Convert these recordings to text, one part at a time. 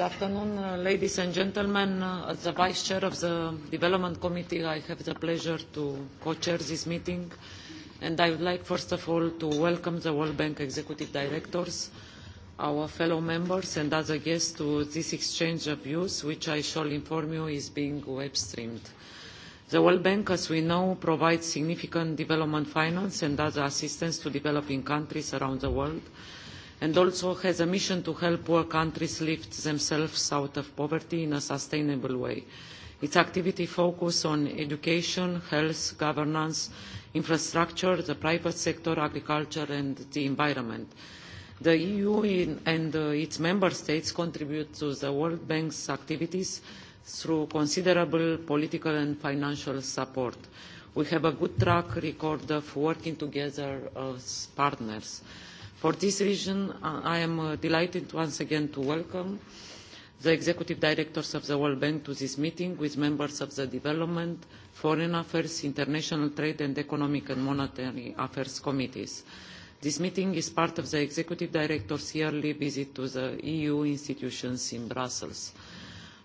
Good afternoon, uh, ladies and gentlemen. Uh, as the Vice Chair of the Development Committee, I have the pleasure to co-chair this meeting. And I would like, first of all, to welcome the World Bank Executive Directors, our fellow members and other guests to this exchange of views, which I shall inform you is being web-streamed. The World Bank, as we know, provides significant development finance and other assistance to developing countries around the world, and also has a mission to help poor countries lift themselves out of poverty in a sustainable way. Its activity focuses on education, health, governance, infrastructure, the private sector, agriculture and the environment. The EU in, and uh, its member states contribute to the World Bank's activities through considerable political and financial support. We have a good track record of working together as partners. For this reason, I am uh, delighted once again to welcome the executive directors of the World Bank to this meeting with members of the Development, Foreign Affairs, International Trade and Economic and Monetary Affairs Committees. This meeting is part of the Executive Director's yearly visit to the EU institutions in Brussels.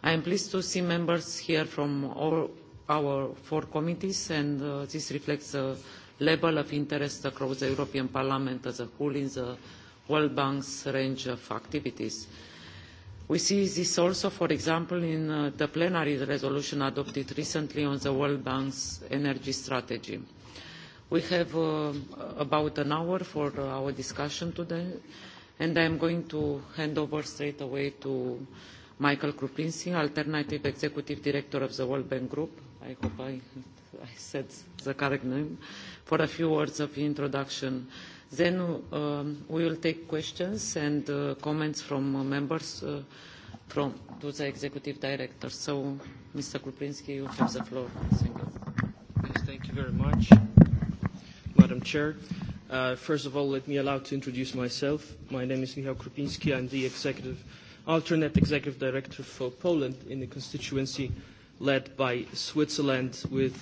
I am pleased to see members here from all our four committees, and uh, this reflects the level of interest across the European Parliament as a whole in the World Bank's range of activities. We see this also, for example, in uh, the plenary resolution adopted recently on the World Bank's energy strategy. We have uh, about an hour for uh, our discussion today, and I am going to hand over straight away to Michael Krupinski, Alternative Executive Director of the World Bank Group. I hope I I said the correct name, for a few words of introduction. Then um, we will take questions and uh, comments from uh, members uh, from to the executive director. So, Mr. Kuprinski, you have the floor. Thank you. Yes, thank you very much, Madam Chair. Uh, first of all, let me allow to introduce myself. My name is Michał Krupiński. I'm the executive, alternate executive director for Poland in the constituency led by Switzerland with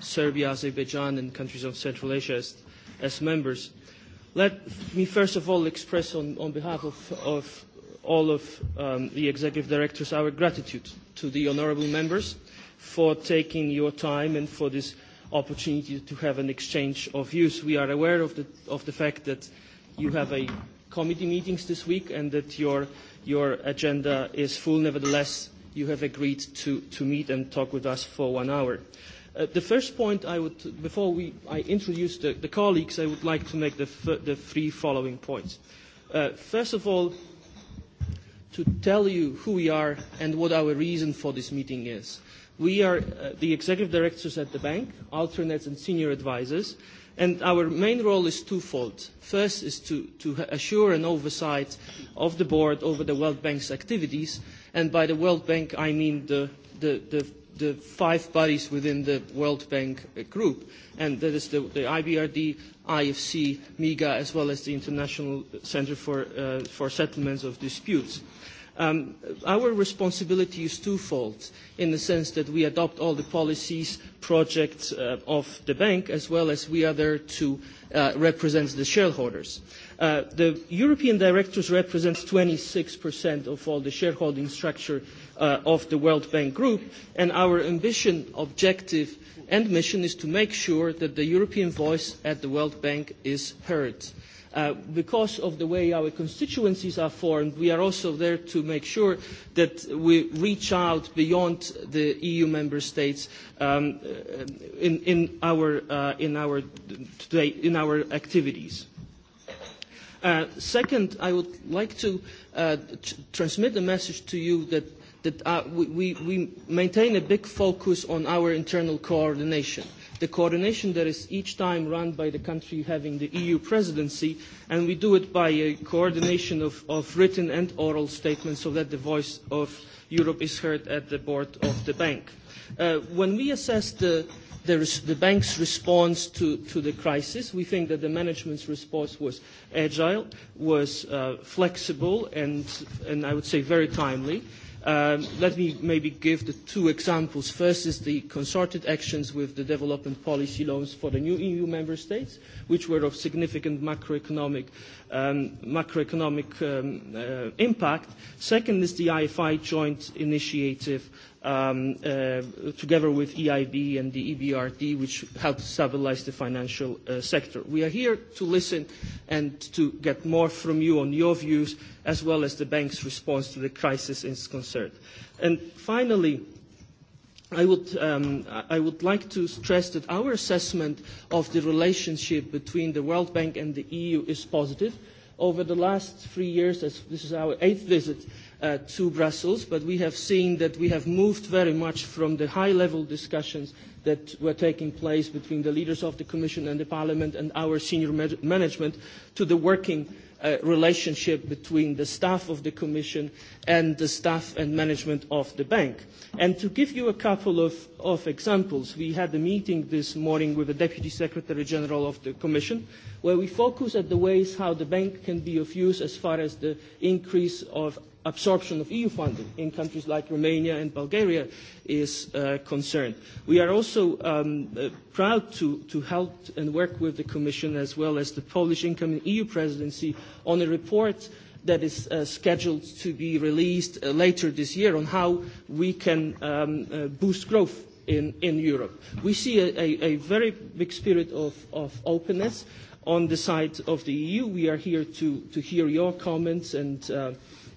Serbia, Azerbaijan, and countries of Central Asia as, as members. Let me first of all express on, on behalf of, of all of um, the executive directors our gratitude to the honorable members for taking your time and for this opportunity to have an exchange of views. We are aware of the, of the fact that you have a committee meetings this week and that your, your agenda is full. Nevertheless, you have agreed to, to meet and talk with us for one hour. Uh, the first point I would, before we, I introduce the, the colleagues, I would like to make the, f the three following points. Uh, first of all, to tell you who we are and what our reason for this meeting is. We are uh, the executive directors at the bank, alternates and senior advisors, and our main role is twofold. First is to, to assure an oversight of the board over the World Bank's activities, and by the World Bank I mean the, the, the the five bodies within the World Bank uh, group, and that is the, the IBRD, IFC, MIGA, as well as the International Center for, uh, for Settlements of Disputes. Um, our responsibility is twofold in the sense that we adopt all the policies, projects uh, of the bank, as well as we are there to uh, represent the shareholders. Uh, Uh, the European directors represents 26% of all the shareholding structure uh, of the World Bank Group, and our ambition, objective, and mission is to make sure that the European voice at the World Bank is heard. Uh, because of the way our constituencies are formed, we are also there to make sure that we reach out beyond the EU member states um, in, in, our, uh, in, our, today, in our activities. Uh, second, I would like to uh, tr transmit a message to you that, that uh, we, we maintain a big focus on our internal coordination the coordination that is each time run by the country having the EU presidency, and we do it by a coordination of, of written and oral statements so that the voice of Europe is heard at the board of the bank. Uh, when we assess the, the, res the bank's response to, to the crisis. We think that the management's response was agile, was uh, flexible, and, and I would say very timely. Um, let me maybe give the two examples. First is the consorted actions with the development policy loans for the new EU member states, which were of significant macroeconomic, um, macroeconomic um, uh, impact. Second is the IFI joint initiative um, uh, together with EIB and the EBRD, which helped stabilize the financial uh, sector. We are here to listen and to get more from you on your views, as well as the bank's response to the crisis is concerned. And finally, I would, um, I would like to stress that our assessment of the relationship between the World Bank and the EU is positive. Over the last three years, as this is our eighth visit, uh, to Brussels, but we have seen that we have moved very much from the high-level discussions that were taking place between the leaders of the Commission and the Parliament and our senior ma management to the working uh, relationship between the staff of the Commission and the staff and management of the bank. And to give you a couple of, of examples, we had a meeting this morning with the Deputy Secretary General of the Commission, where we focus at the ways how the bank can be of use as far as the increase of absorption of EU funding in countries like Romania and Bulgaria is uh, concerned. We are also um, uh, proud to, to help and work with the Commission as well as the Polish incoming EU presidency on a report that is uh, scheduled to be released uh, later this year on how we can um, uh, boost growth in, in Europe. We see a, a, a very big spirit of, of openness on the side of the EU. We are here to, to hear your comments and uh,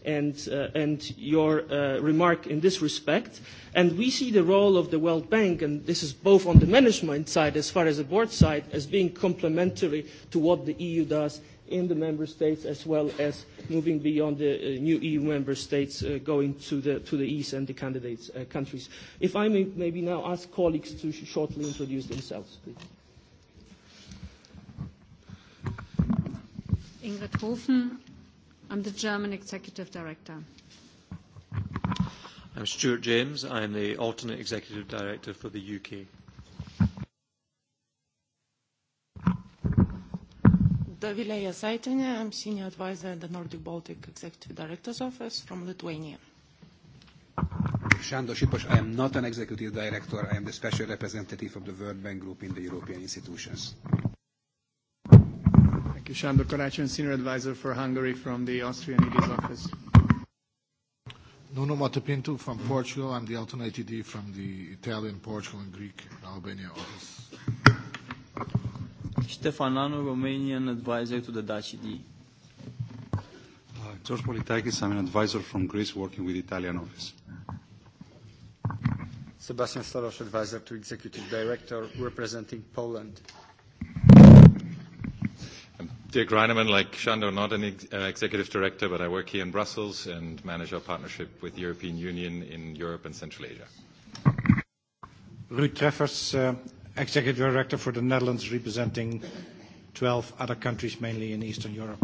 and, uh, and your uh, remark in this respect. And we see the role of the World Bank, and this is both on the management side as far as the board side, as being complementary to what the EU does in the member states as well as moving beyond the uh, new EU member states uh, going to the, to the east and the candidate uh, countries. If I may maybe now ask colleagues to sh shortly introduce themselves, please. Ingrid Hofen, I'm the German Executive Director. I'm Stuart James. I am the alternate Executive Director for the UK. Davilaya Saitinė, I'm Senior Advisor at the Nordic Baltic Executive Director's Office from Lithuania. Shando Shipos, I am not an Executive Director, I am the Special Representative of the World Bank Group in the European institutions. Thank you. Sándor Karácsony, Senior Advisor for Hungary from the Austrian ED's office. Nuno Matapinto from Portugal. I'm the alternate ED from the Italian, Portugal, and Greek Albania office. Stefan Stefanano, Romanian advisor to the Dutch ED. Uh, George Politakis, I'm an advisor from Greece working with Italian office. Sebastian Starosz, advisor to executive director representing Poland. Dirk Reinemann, like Shando, not an ex uh, executive director, but I work here in Brussels and manage our partnership with the European Union in Europe and Central Asia. Ruud Treffers, uh, executive director for the Netherlands, representing 12 other countries, mainly in Eastern Europe.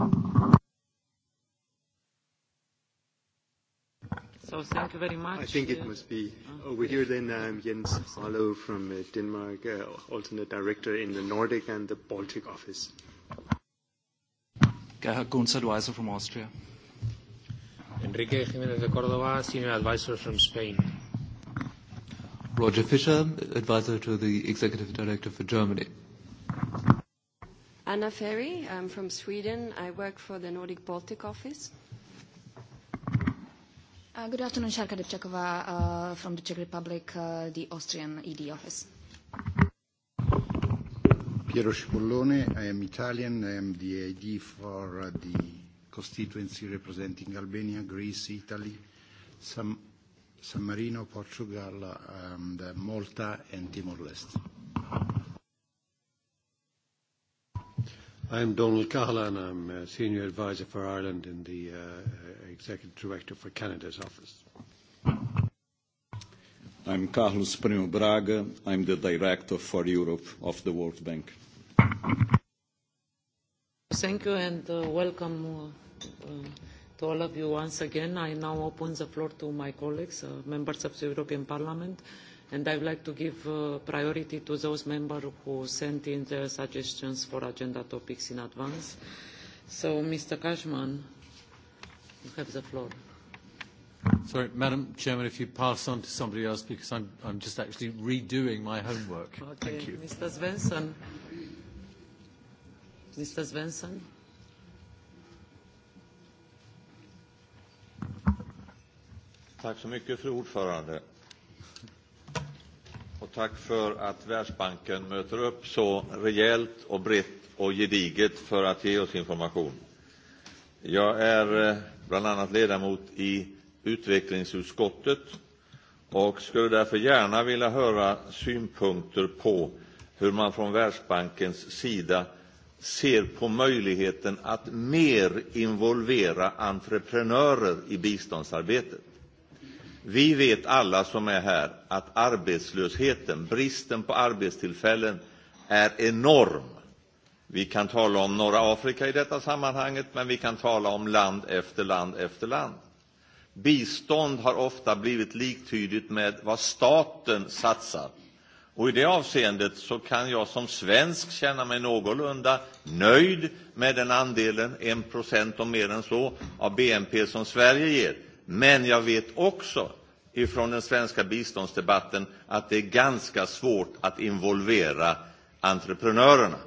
So thank you very much. I think it must be over here then. um, Jens Hallo from uh, Denmark, uh, alternate director in the Nordic and the Baltic office. Gerhard Gunz, advisor from Austria. Enrique Jiménez de Cordova, senior advisor from Spain. Roger Fischer, advisor to the executive director for Germany. Anna Ferry, I'm from Sweden. I work for the Nordic Baltic office. Uh, good afternoon, Sharka Dipchakova uh, from the Czech Republic, uh, the Austrian ED office. Piero Cipollone. I am Italian. I am the ID for uh, the constituency representing Albania, Greece, Italy, San, San Marino, Portugal, and um, uh, Malta and Timor-Leste. I'm Donald Cahalan. I'm a uh, Senior Advisor for Ireland in the uh, Executive Director for Canada's Office. I'm Carlos Primo Braga. I'm the director for Europe of the World Bank. Thank you and uh, welcome uh, uh, to all of you once again. I now open the floor to my colleagues, uh, members of the European Parliament, and I would like to give uh, priority to those members who sent in their suggestions for agenda topics in advance. So, Mr. Cashman, you have the floor. Sorry, Madam Chairman, if you pass on to somebody else, because I'm, I'm just actually redoing my homework. Okay, Thank you. Mr. Svensson. Mr. Svensson. Tack så mycket, fru ordförande. Och tack för att Världsbanken möter upp så rejält och brett och gediget för att ge oss information. Jag är eh, bland annat ledamot i utvecklingsutskottet och skulle därför gärna vilja höra synpunkter på hur man från Världsbankens sida ser på möjligheten att mer involvera entreprenörer i biståndsarbetet. Vi vet alla som är här att arbetslösheten, bristen på arbetstillfällen, är enorm. Vi kan tala om norra Afrika i detta sammanhanget, men vi kan tala om land efter land efter land. Bistånd har ofta blivit liktydigt med vad staten satsar. Och i det avseendet så kan jag som svensk känna mig någorlunda nöjd med den andelen, en procent och mer än så, av BNP som Sverige ger. Men jag vet också ifrån den svenska biståndsdebatten att det är ganska svårt att involvera entreprenörerna.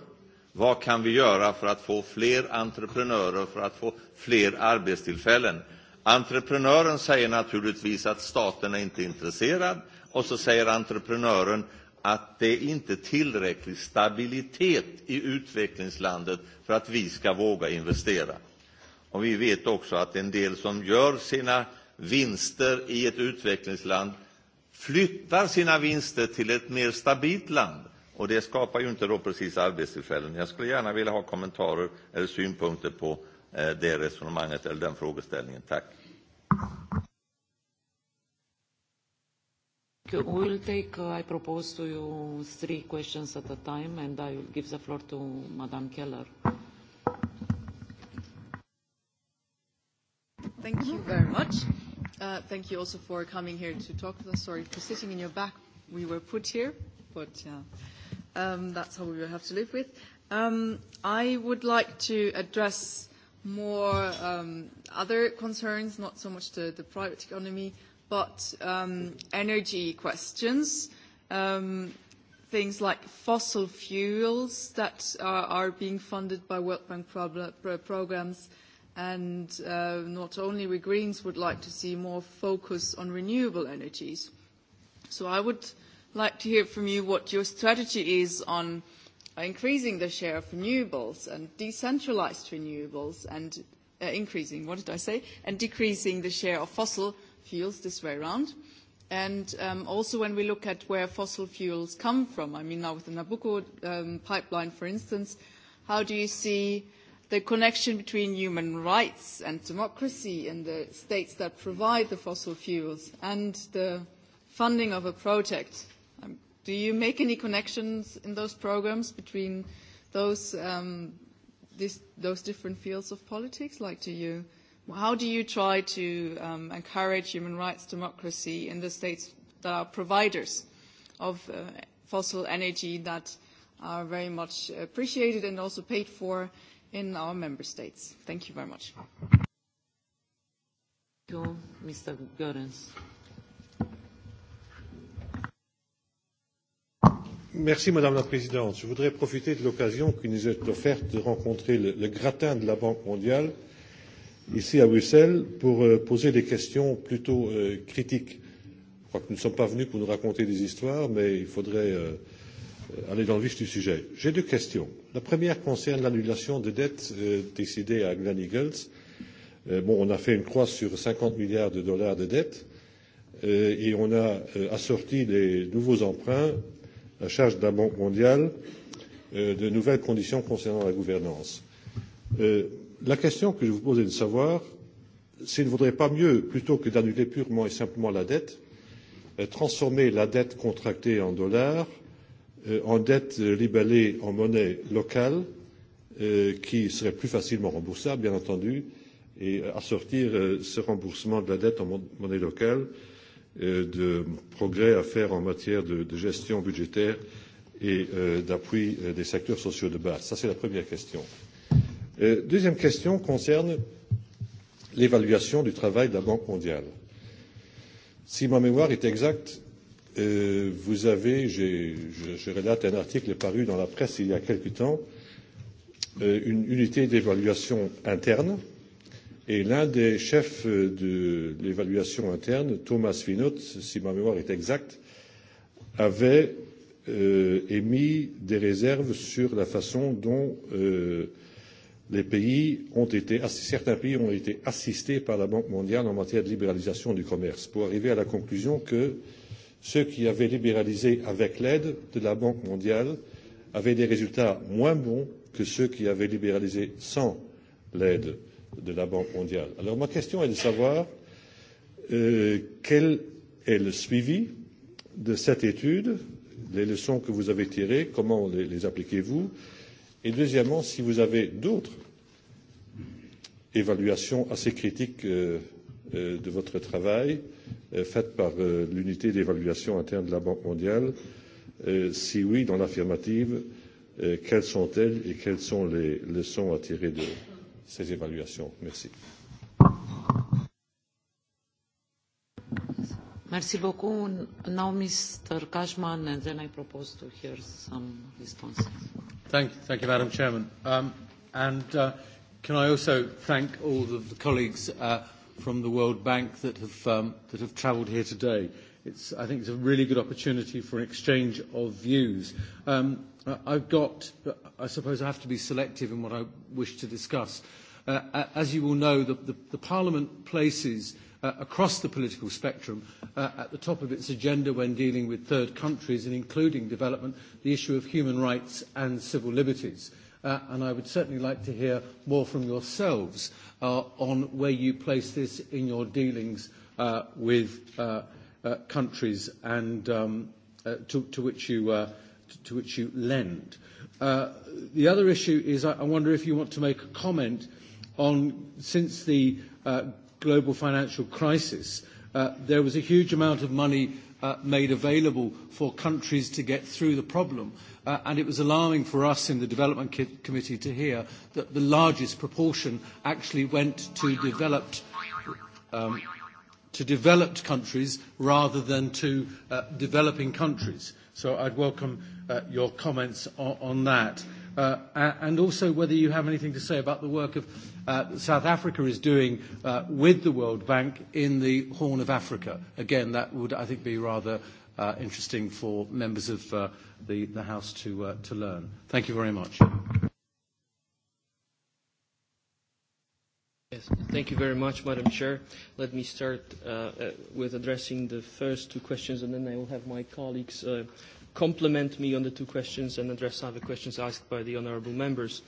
Vad kan vi göra för att få fler entreprenörer, för att få fler arbetstillfällen? Entreprenören säger naturligtvis att staten är inte intresserad och så säger entreprenören att det inte är tillräcklig stabilitet i utvecklingslandet för att vi ska våga investera. Och vi vet också att en del som gör sina vinster i ett utvecklingsland flyttar sina vinster till ett mer stabilt land. Och det skapar ju inte då precis arbetstillfällen. Jag skulle gärna vilja ha kommentarer eller synpunkter på Eh, det resonemanget eller den frågeställningen. Tack. We'll take, uh, I propose to you three questions at a time and I will give the floor to Madame Keller. Thank you very much. Uh, thank you also for coming here to talk to us. Sorry for sitting in your back. We were put here, but yeah, um, that's how we will have to live with. Um, I would like to address more um, other concerns, not so much the, the private economy, but um, energy questions, um, things like fossil fuels that are, are being funded by World Bank pro pro programs, and uh, not only we Greens would like to see more focus on renewable energies. So I would like to hear from you what your strategy is on – by increasing the share of renewables and decentralized renewables and uh, increasing, what did I say, and decreasing the share of fossil fuels this way around. And um, also when we look at where fossil fuels come from, I mean now with the Nabucco um, pipeline, for instance, how do you see the connection between human rights and democracy in the states that provide the fossil fuels and the funding of a project Do you make any connections in those programs between those, um, this, those different fields of politics? Like, do you, how do you try to um, encourage human rights democracy in the states that are providers of uh, fossil energy that are very much appreciated and also paid for in our member states? Thank you very much. Thank you, Mr. Goerens. Merci, Madame la Présidente. Je voudrais profiter de l'occasion qui nous est offerte de rencontrer le, le gratin de la Banque mondiale ici à Bruxelles pour euh, poser des questions plutôt euh, critiques. Je crois que nous ne sommes pas venus pour nous raconter des histoires, mais il faudrait euh, aller dans le vif du sujet. J'ai deux questions. La première concerne l'annulation des dettes euh, décidées à Glen Eagles. Euh, bon, on a fait une croix sur 50 milliards de dollars de dettes euh, et on a euh, assorti les nouveaux emprunts la charge de la Banque mondiale euh, de nouvelles conditions concernant la gouvernance. Euh, la question que je vous pose est de savoir s'il ne vaudrait pas mieux, plutôt que d'annuler purement et simplement la dette, euh, transformer la dette contractée en dollars euh, en dette libellée en monnaie locale euh, qui serait plus facilement remboursable, bien entendu, et euh, assortir euh, ce remboursement de la dette en monnaie locale euh, de progrès à faire en matière de, de gestion budgétaire et euh, d'appui euh, des secteurs sociaux de base. Ça, c'est la première question. Euh, deuxième question concerne l'évaluation du travail de la Banque mondiale. Si ma mémoire est exacte, euh, vous avez, je, je relate un article paru dans la presse il y a quelque temps, euh, une unité d'évaluation interne euh, Et l'un des chefs de l'évaluation interne, Thomas Finot, si ma mémoire est exacte, avait euh, émis des réserves sur la façon dont euh, les pays ont été certains pays ont été assistés par la Banque mondiale en matière de libéralisation du commerce, pour arriver à la conclusion que ceux qui avaient libéralisé avec l'aide de la Banque mondiale avaient des résultats moins bons que ceux qui avaient libéralisé sans l'aide. Mmh de la Banque mondiale. Alors ma question est de savoir euh, quel est le suivi de cette étude, les leçons que vous avez tirées, comment les, les appliquez-vous, et deuxièmement, si vous avez d'autres évaluations assez critiques euh, euh, de votre travail euh, faites par euh, l'unité d'évaluation interne de la Banque mondiale, euh, si oui, dans l'affirmative, euh, quelles sont-elles et quelles sont les leçons à tirer d'eux ces évaluations. Merci. Merci beaucoup. Now, Mr. Cashman, and then I propose to hear some responses. Thank, thank you, Madam Chairman. Um, and uh, can I also thank all of the colleagues uh, from the World Bank that have, um, that have traveled here today. It's, I think it's a really good opportunity for an exchange of views. Um, Uh, I've got, uh, I suppose I have to be selective in what I wish to discuss. Uh, as you will know, the, the, the Parliament places uh, across the political spectrum uh, at the top of its agenda when dealing with third countries and including development, the issue of human rights and civil liberties. Uh, and I would certainly like to hear more from yourselves uh, on where you place this in your dealings uh, with uh, uh, countries and um, uh, to, to which you uh, to, which you lend. Uh, the other issue is I, I wonder if you want to make a comment on since the uh, global financial crisis, uh, there was a huge amount of money uh, made available for countries to get through the problem. Uh, and it was alarming for us in the Development ki- Committee to hear that the largest proportion actually went to developed, um, to developed countries rather than to uh, developing countries. So I'd welcome uh, your comments on, on that. Uh, and also whether you have anything to say about the work of uh, South Africa is doing uh, with the World Bank in the Horn of Africa. Again, that would, I think, be rather uh, interesting for members of uh, the, the House to, uh, to learn. Thank you very much. Yes, thank you very much, Madam Chair. Let me start uh, uh, with addressing the first two questions, and then I will have my colleagues uh, complement me on the two questions and address other questions asked by the honourable members.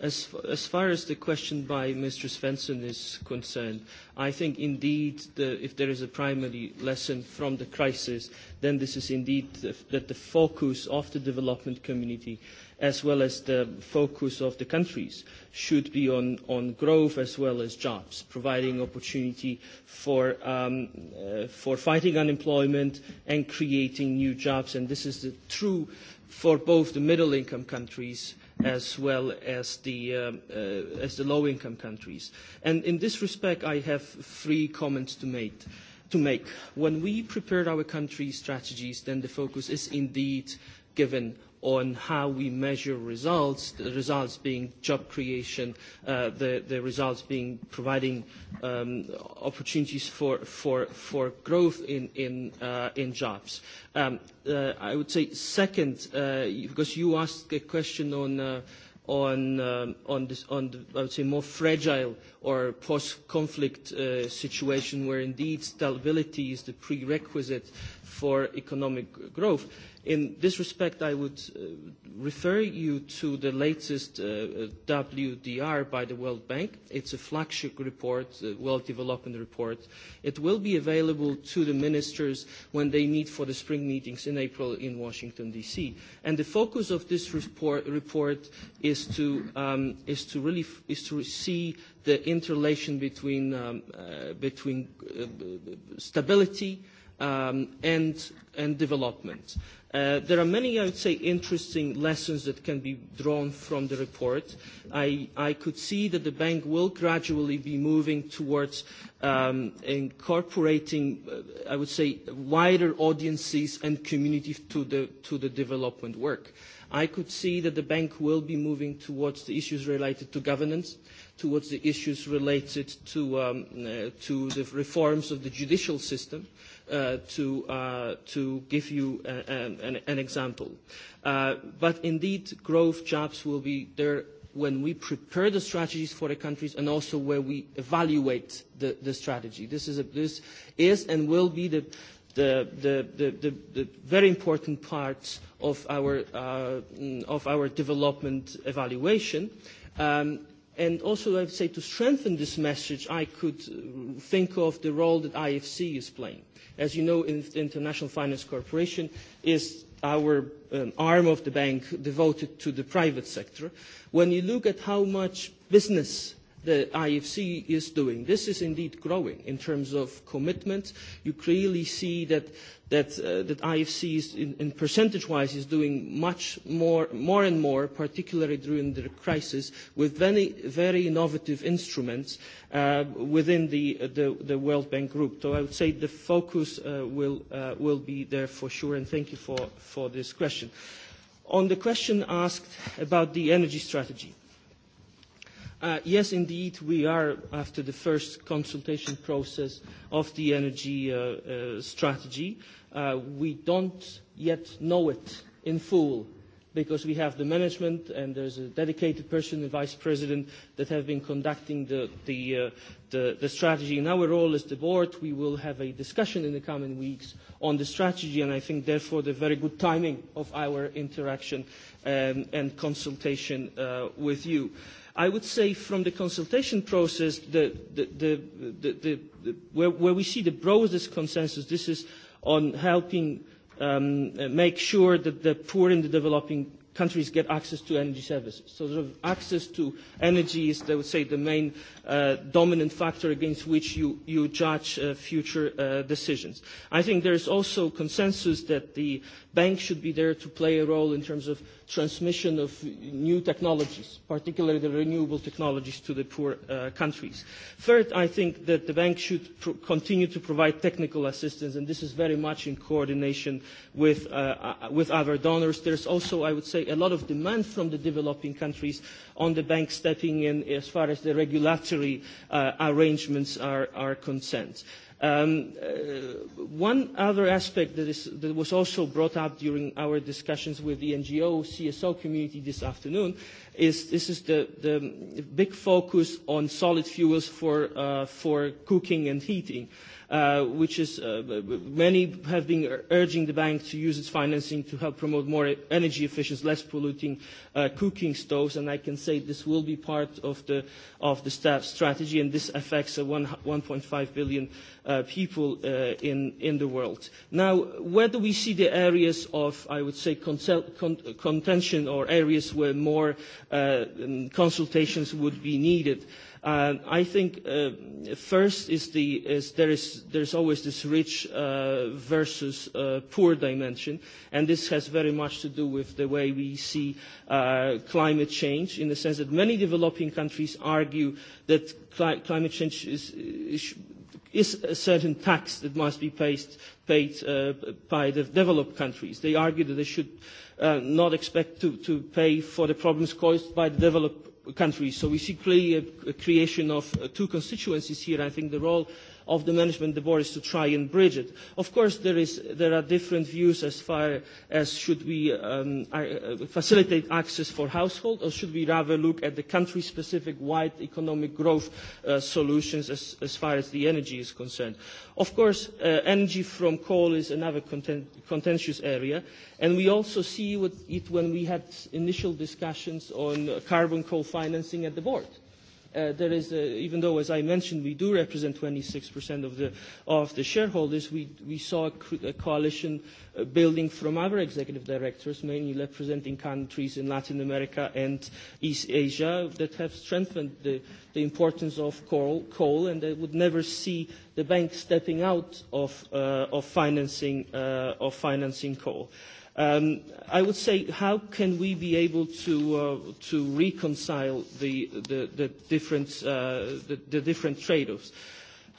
As, as far as the question by Mr. Svensson is concerned, I think indeed the, if there is a primary lesson from the crisis, then this is indeed the, that the focus of the development community as well as the focus of the countries should be on, on growth as well as jobs, providing opportunity for, um, uh, for fighting unemployment and creating new jobs. And this is the, true for both the middle-income countries as well as the, uh, uh, as the low-income countries. And in this respect, I have three comments to make. To make. When we prepared our country strategies, then the focus is indeed given on how we measure results, the results being job creation, uh, the, results being providing um, opportunities for, growth in, uh, jobs. Um, uh, I would say second, because you asked a question um, on this on the, I would say more fragile or post conflict situation where indeed stability is the prerequisite for economic growth. In this respect, I would uh, refer you to the latest uh, WDR by the World Bank. It's a flagship report, a uh, World Development Report. It will be available to the ministers when they meet for the spring meetings in April in Washington, D.C. And the focus of this report, report is, to, um, is to really f is to see the interrelation between, um, uh, between uh, stability um, and, and development. Uh, there are many, I would say, interesting lessons that can be drawn from the report. I, I could see that the bank will gradually be moving towards um, incorporating, uh, I would say, wider audiences and communities to the, to the development work. I could see that the bank will be moving towards the issues related to governance, towards the issues related to, um, uh, to the reforms of the judicial system, Uh, to, uh, to give you uh, an, an, an example. Uh, but indeed, growth jobs will be there when we prepare the strategies for the countries and also where we evaluate the, the strategy. This is, a, this is and will be the, the, the, the, the, the very important part of our, uh, of our development evaluation. Um, and also, I would say, to strengthen this message, I could think of the role that IFC is playing. As you know, in the International Finance Corporation is our um, arm of the bank devoted to the private sector. When you look at how much business the IFC is doing. This is indeed growing in terms of commitment. You clearly see that that, uh, that IFC is in, in percentage-wise is doing much more, more and more, particularly during the crisis, with very, very innovative instruments uh, within the, uh, the, the World Bank Group. So I would say the focus uh, will, uh, will be there for sure, and thank you for, for this question. On the question asked about the energy strategy, Uh, yes, indeed, we are after the first consultation process of the energy uh, uh, strategy. Uh, we don't yet know it in full because we have the management and there's a dedicated person, the vice president, that have been conducting the, the, uh, the, the strategy. In our role as the board, we will have a discussion in the coming weeks on the strategy, and I think therefore the very good timing of our interaction um, and consultation uh, with you. I would say from the consultation process, the, the, the, the, the, the, where, where we see the broadest consensus, this is on helping um, make sure that the poor in the developing countries get access to energy services. So sort of access to energy is, I would say, the main uh, dominant factor against which you, you judge uh, future uh, decisions. I think there is also consensus that the Banks should be there to play a role in terms of transmission of new technologies, particularly the renewable technologies to the poor uh, countries. Third, I think that the bank should continue to provide technical assistance, and this is very much in coordination with, uh, uh, with other donors. There's also, I would say, a lot of demand from the developing countries on the bank stepping in as far as the regulatory uh, arrangements are, are concerned. Um, uh, one other aspect that, is, that was also brought up during our discussions with the NGO CSO community this afternoon is this is the, the big focus on solid fuels for, uh, for cooking and heating. Uh, which is uh, many have been urging the bank to use its financing to help promote more e-, energy efficient, less polluting uh, cooking stoves, and I can say this will be part of the, of the staff strategy, and this affects uh, 1.5 billion uh, people uh, in, in the world. Now, where do we see the areas of, I would say, con con contention or areas where more uh, consultations would be needed. Uh, I think uh, first is the is there is there's always this rich uh, versus uh, poor dimension, and this has very much to do with the way we see uh, climate change. In the sense that many developing countries argue that cli climate change is, is is a certain tax that must be paid, paid uh, by the developed countries. They argue that they should uh, not expect to, to pay for the problems caused by the developed countries. So we see clearly a, uh, a creation of uh, two constituencies here. I think the role of the management the board is to try and bridge it. Of course, there, is, there are different views as far as should we um, uh, facilitate access for households or should we rather look at the country-specific wide economic growth uh, solutions as, as far as the energy is concerned. Of course, uh, energy from coal is another content, contentious area, and we also see it when we had initial discussions on carbon coal financing at the board Uh, there is, a uh, even though, as I mentioned, we do represent 26% of the, of the shareholders, we, we saw a, a coalition uh, building from other executive directors, mainly representing countries in Latin America and East Asia, that have strengthened the, the importance of coal, coal, and they would never see the bank stepping out of, uh, of, financing, uh, of financing coal. Um, I would say, how can we be able to, uh, to reconcile the, the, the different, uh, the, the different trade-offs?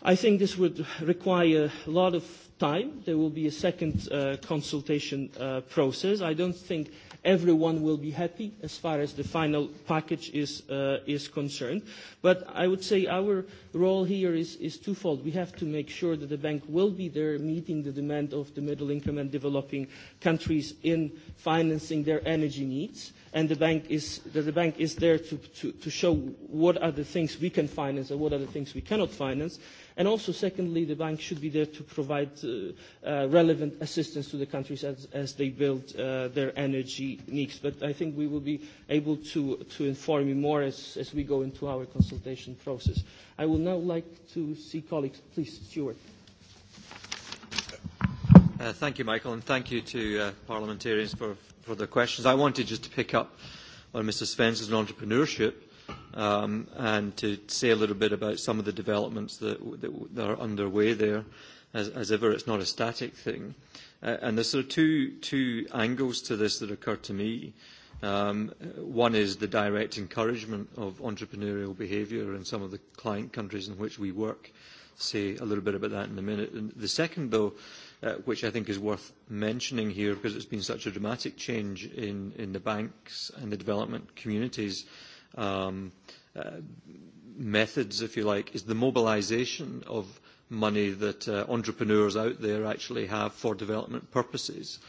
I think this would require a lot of time. There will be a second uh, consultation uh, process. I don't think everyone will be happy as far as the final package is, uh, is concerned. But I would say our role here is, is twofold. We have to make sure that the bank will be there meeting the demand of the middle income and developing countries in financing their energy needs and the bank is that the bank is there to, to, to show what are the things we can finance and what are the things we cannot finance And also, secondly, the bank should be there to provide uh, uh, relevant assistance to the countries as, as they build uh, their energy needs. But I think we will be able to, to inform you more as, as we go into our consultation process. I would now like to see colleagues. Please, Stuart. Uh, thank you, Michael, and thank you to uh, parliamentarians for, for the questions. I wanted just to pick up on Mr. Spencer's entrepreneurship um, and to say a little bit about some of the developments that, that, that are underway there. As, as ever, it's not a static thing. Uh, and there's sort of two, two angles to this that occur to me. Um, one is the direct encouragement of entrepreneurial behaviour in some of the client countries in which we work. Say a little bit about that in a minute. And the second, though, uh, which I think is worth mentioning here because it's been such a dramatic change in, in the banks and the development communities, uh, um, uh, methods, if you like, is the mobilization of money that uh, entrepreneurs out there actually have for development purposes.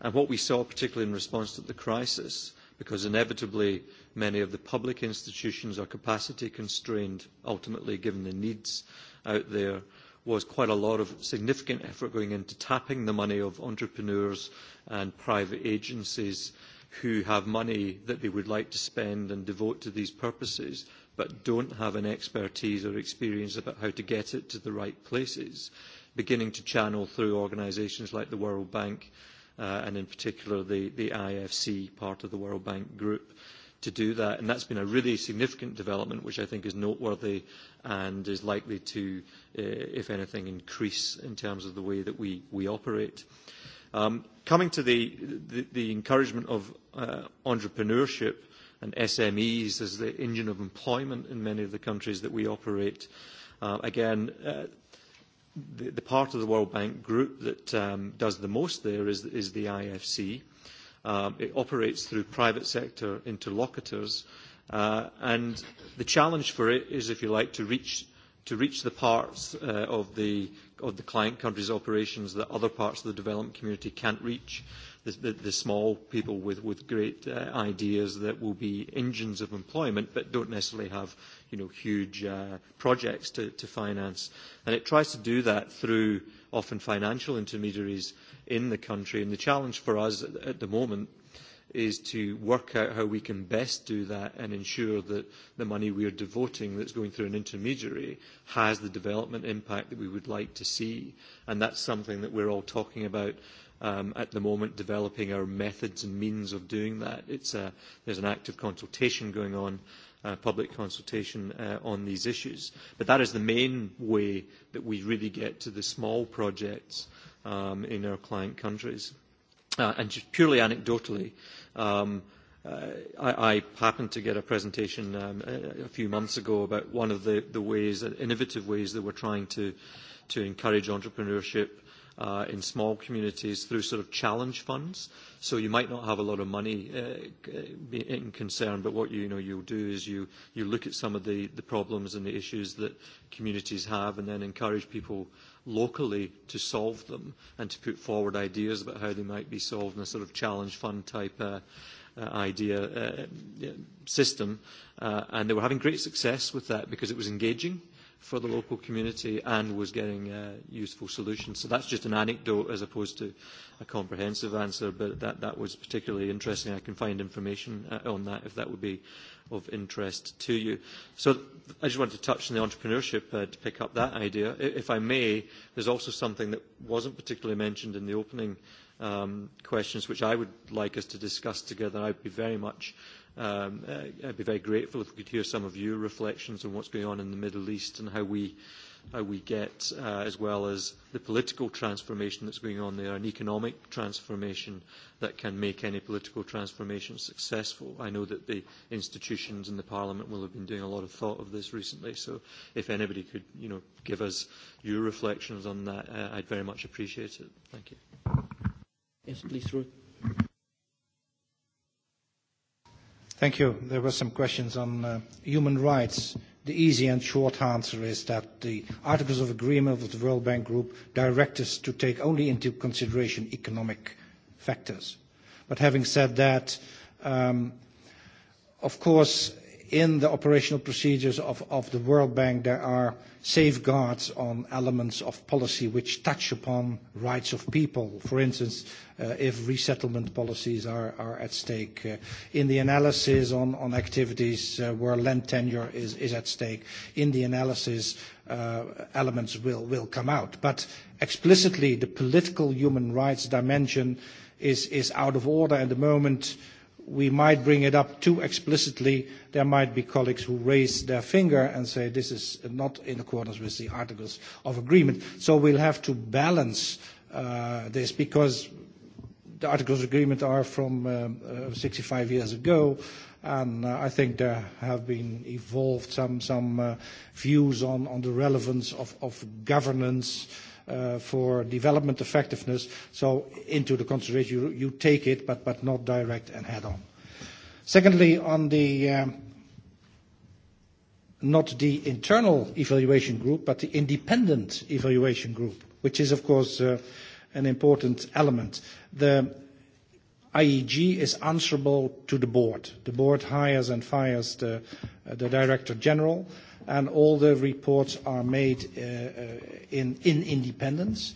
And what we saw, particularly in response to the crisis, because inevitably many of the public institutions are capacity constrained, ultimately given the needs out there, was quite a lot of significant effort going into tapping the money of entrepreneurs and private agencies who have money that they would like to spend and devote to these purposes, but don't have an expertise or experience about how to get it to the right places, beginning to channel through organisations like the World Bank uh, and in particular the, the IFC part of the World Bank group to do that. And that's been a really significant development, which I think is noteworthy and is likely to, uh, if anything, increase in terms of the way that we, we operate. Um, coming to the, the, the encouragement of uh, entrepreneurship and SMEs as the engine of employment in many of the countries that we operate, uh, again, uh, the, the part of the World Bank group that um, does the most there is, is the IFC. Um, it operates through private sector interlocutors, uh, and the challenge for it is, if you like, to reach to reach the parts uh, of, the, of the client countries' operations that other parts of the development community can't reach, the, the, the small people with, with great uh, ideas that will be engines of employment but don't necessarily have you know, huge uh, projects to, to finance. And it tries to do that through often financial intermediaries in the country. And the challenge for us at, at the moment is to work out how we can best do that and ensure that the money we are devoting that's going through an intermediary has the development impact that we would like to see. And that's something that we're all talking about um, at the moment, developing our methods and means of doing that. It's a, there's an active consultation going on, uh, public consultation uh, on these issues. But that is the main way that we really get to the small projects um, in our client countries. Uh, and just purely anecdotally, Um, uh, I, I happened to get a presentation um, a, a few months ago about one of the, the ways, uh, innovative ways that we're trying to, to encourage entrepreneurship uh, in small communities through sort of challenge funds. So you might not have a lot of money uh, in concern, but what you, you know you'll do is you, you look at some of the, the problems and the issues that communities have and then encourage people locally to solve them and to put forward ideas about how they might be solved in a sort of challenge fund type uh, uh, idea uh, uh, system. Uh, and they were having great success with that because it was engaging for the local community and was getting uh, useful solutions. So that's just an anecdote as opposed to a comprehensive answer, but that, that was particularly interesting. I can find information uh, on that if that would be of interest to you. So I just wanted to touch on the entrepreneurship uh, to pick up that idea. If I may, there's also something that wasn't particularly mentioned in the opening um, questions, which I would like us to discuss together. I'd be very much um, uh, I'd be very grateful if we could hear some of your reflections on what's going on in the Middle East and how we uh, we get, uh, as well as the political transformation that's going on there, an economic transformation that can make any political transformation successful. I know that the institutions and the Parliament will have been doing a lot of thought of this recently, so if anybody could you know, give us your reflections on that, uh, I'd very much appreciate it. Thank you. Yes, please, Ruth. Thank you. There were some questions on uh, human rights The easy and short answer is that the Articles of Agreement with the World Bank Group direct us to take only into consideration economic factors. But having said that, um, of course, in the operational procedures of, of the World Bank, there are safeguards on elements of policy which touch upon rights of people. For instance, uh, if resettlement policies are, are at stake, uh, in the analysis on, on activities uh, where land tenure is, is at stake, in the analysis uh, elements will, will come out. But explicitly, the political human rights dimension is, is out of order at the moment. Uh, we might bring it up too explicitly, there might be colleagues who raise their finger and say this is not in accordance with the Articles of Agreement. So we'll have to balance uh, this because the Articles of Agreement are from sixty uh, 65 uh, years ago and uh, I think there have been evolved some, some uh, views on, on the relevance of, of governance uh, uh, for development effectiveness. So into the consideration you, you take it, but, but not direct and head on. Secondly, on the um, not the internal evaluation group, but the independent evaluation group, which is, of course, uh, an important element. The IEG is answerable to the board. The board hires and fires the, uh, the director general. Uh, and all the reports are made uh, uh, in, in independence,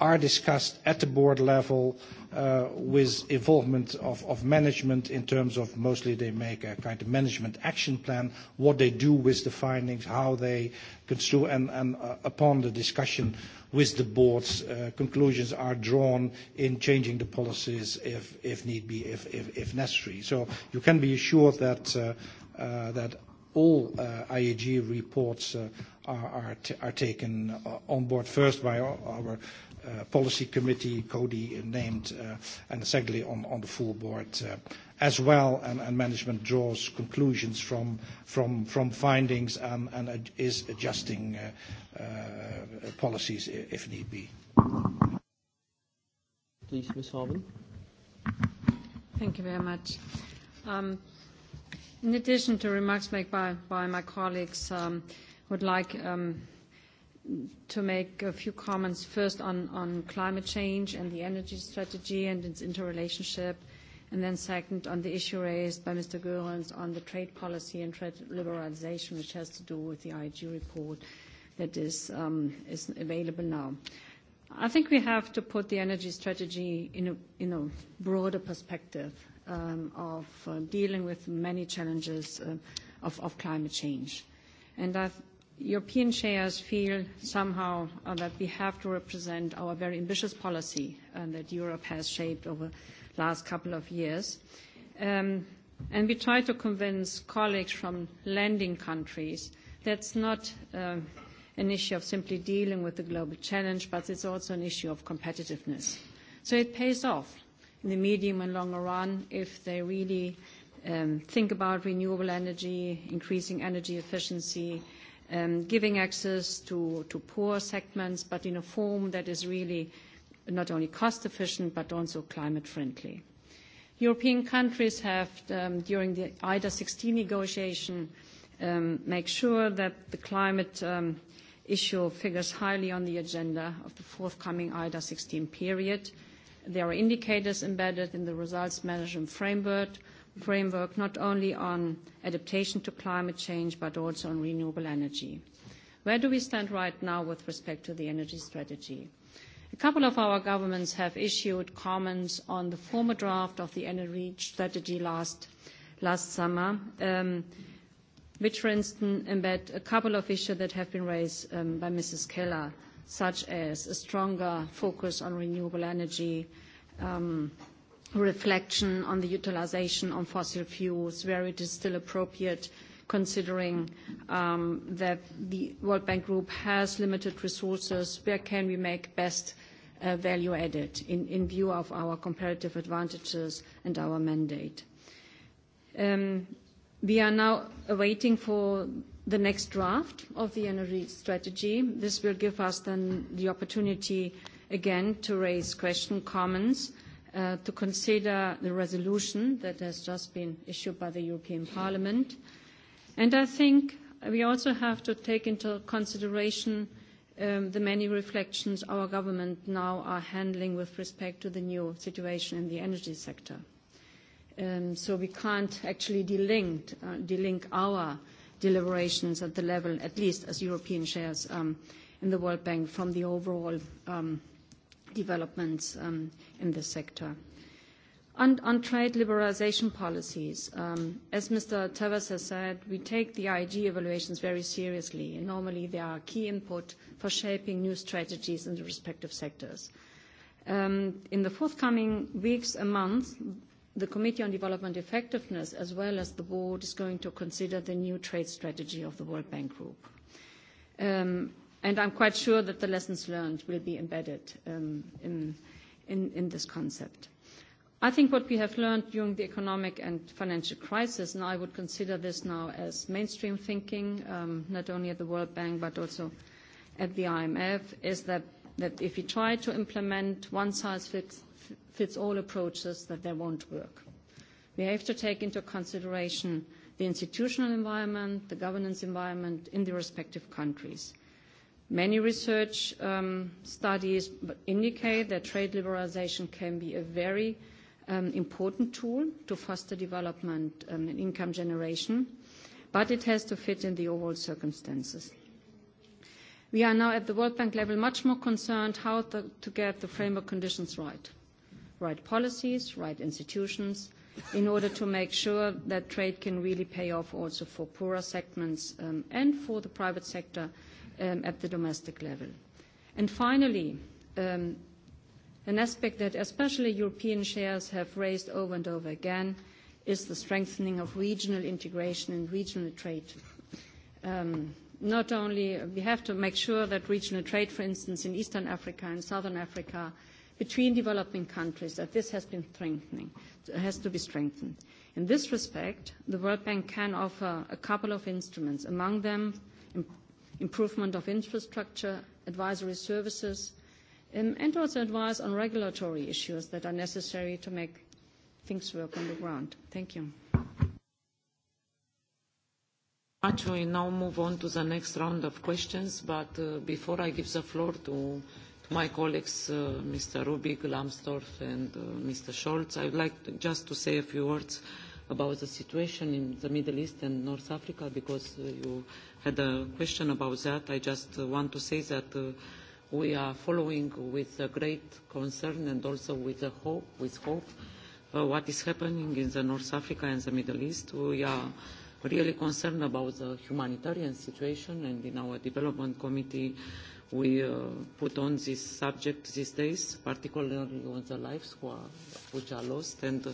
are discussed at the board level uh, with involvement of, of management in terms of mostly they make a kind of management action plan, what they do with the findings, how they construe, and, and uh, upon the discussion with the boards, uh, conclusions are drawn in changing the policies if, if need be, if, if, if necessary. So you can be assured that, uh, uh, that all uh, IAG reports uh, are, are, t are taken uh, on board first by our, our uh, policy committee, Cody named, uh, and secondly on, on the full board uh, as well, and, and management draws conclusions from, from, from findings and, and is adjusting uh, uh, policies if need be. Please, Ms. Harvin. Thank you very much. Um, in addition to remarks made by, by my colleagues, um, would like um, to make a few comments first on, on climate change and the energy strategy and its interrelationship, and then second on the issue raised by Mr. Goerens on the trade policy and trade liberalization, which has to do with the IG report that is, um, is available now. I think we have to put the energy strategy in a, in a broader perspective um, of uh, dealing with many challenges uh, of, of climate change. And that European chairs feel somehow uh, that we have to represent our very ambitious policy uh, that Europe has shaped over the last couple of years. Um, and we try to convince colleagues from lending countries that's not uh, an issue of simply dealing with the global challenge, but it's also an issue of competitiveness. So it pays off in the medium and longer run if they really um, think about renewable energy, increasing energy efficiency, um, giving access to, to poor segments, but in a form that is really not only cost efficient but also climate friendly. European countries have, um, during the IDA 16 negotiation, um, make sure that the climate um, issue figures highly on the agenda of the forthcoming IDA 16 period. There are indicators embedded in the results management framework, not only on adaptation to climate change but also on renewable energy. Where do we stand right now with respect to the energy strategy? A couple of our governments have issued comments on the former draft of the energy strategy last, summer, um, which, for instance, embed a couple of issues that have been raised um, by Mrs. Keller such as a stronger focus on renewable energy, um, reflection on the utilization of fossil fuels, where it is still appropriate, considering um, that the World Bank Group has limited resources, where can we make best uh, value added in, in view of our comparative advantages and our mandate. Um, we are now awaiting for the next draft of the energy strategy. This will give us then the opportunity again to raise question comments, uh, to consider the resolution that has just been issued by the European Parliament. And I think we also have to take into consideration um, the many reflections our government now are handling with respect to the new situation in the energy sector. Um, so we can't actually delink, uh, delink our deliberations at the level, at least as European shares um, in the World Bank, from the overall um, developments um, in this sector. on trade liberalization policies, as Mr. Tavares has said, we take the IG evaluations very seriously, and normally they are key input for shaping new strategies in the respective sectors. in the forthcoming weeks and months, the Committee on Development Effectiveness as well as the Board is going to consider the new trade strategy of the World Bank Group. Um, and I'm quite sure that the lessons learned will be embedded um, in, in, in this concept. I think what we have learned during the economic and financial crisis, and I would consider this now as mainstream thinking, um, not only at the World Bank but also at the IMF, is that that if we try to implement one-size-fits-all approaches, that they won't work. We have to take into consideration the institutional environment, the governance environment in the respective countries. Many research um, studies indicate that trade liberalization can be a very um, important tool to foster development um, and income generation, but it has to fit in the overall circumstances. We are now at the World Bank level much more concerned how the, to get the framework conditions right, right policies, right institutions, in order to make sure that trade can really pay off also for poorer segments um, and for the private sector um, at the domestic level. And finally, um, an aspect that especially European shares have raised over and over again is the strengthening of regional integration and regional trade. Um, not only we have to make sure that regional trade, for instance, in Eastern Africa and Southern Africa, between developing countries, that this has been strengthening, has to be strengthened. In this respect, the World Bank can offer a couple of instruments, among them improvement of infrastructure, advisory services, and um, and also advice on regulatory issues that are necessary to make things work on the ground. Thank you much. We now move on to the next round of questions, but uh, before I give the floor to, to my colleagues, uh, Mr. Rubik, Lambsdorff, and uh, Mr. Scholz, I would like to, just to say a few words about the situation in the Middle East and North Africa, because uh, you had a question about that. I just uh, want to say that uh, we are following with a great concern and also with a hope, with hope, uh, what is happening in the North Africa and the Middle East. We are really concerned about the humanitarian situation and in our development committee we uh, put on this subject these days, particularly on the lives who are, which are lost. And uh,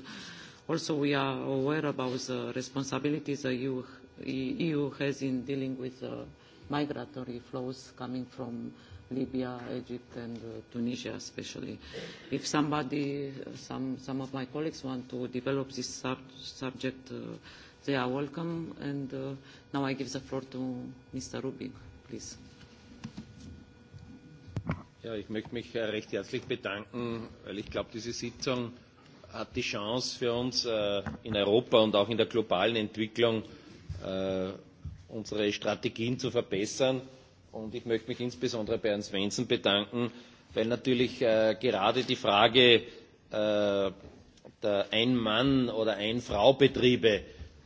also we are aware about the responsibilities the EU, EU has in dealing with uh, migratory flows coming from uh, Libya, Egypt, and uh, Tunisia especially. If somebody, uh, some, some of my colleagues want to develop this sub subject, uh, they are welcome. And uh, now I give the floor to Mr. Rubin, please. Ja, ich möchte mich äh, recht herzlich bedanken, weil ich glaube, diese Sitzung hat die Chance für uns äh, in Europa und auch in der globalen Entwicklung äh, unsere Strategien zu verbessern Und ich möchte mich insbesondere bei Herrn Svensson bedanken, weil natürlich äh, gerade die Frage äh, der Ein-Mann- oder Ein-Frau-Betriebe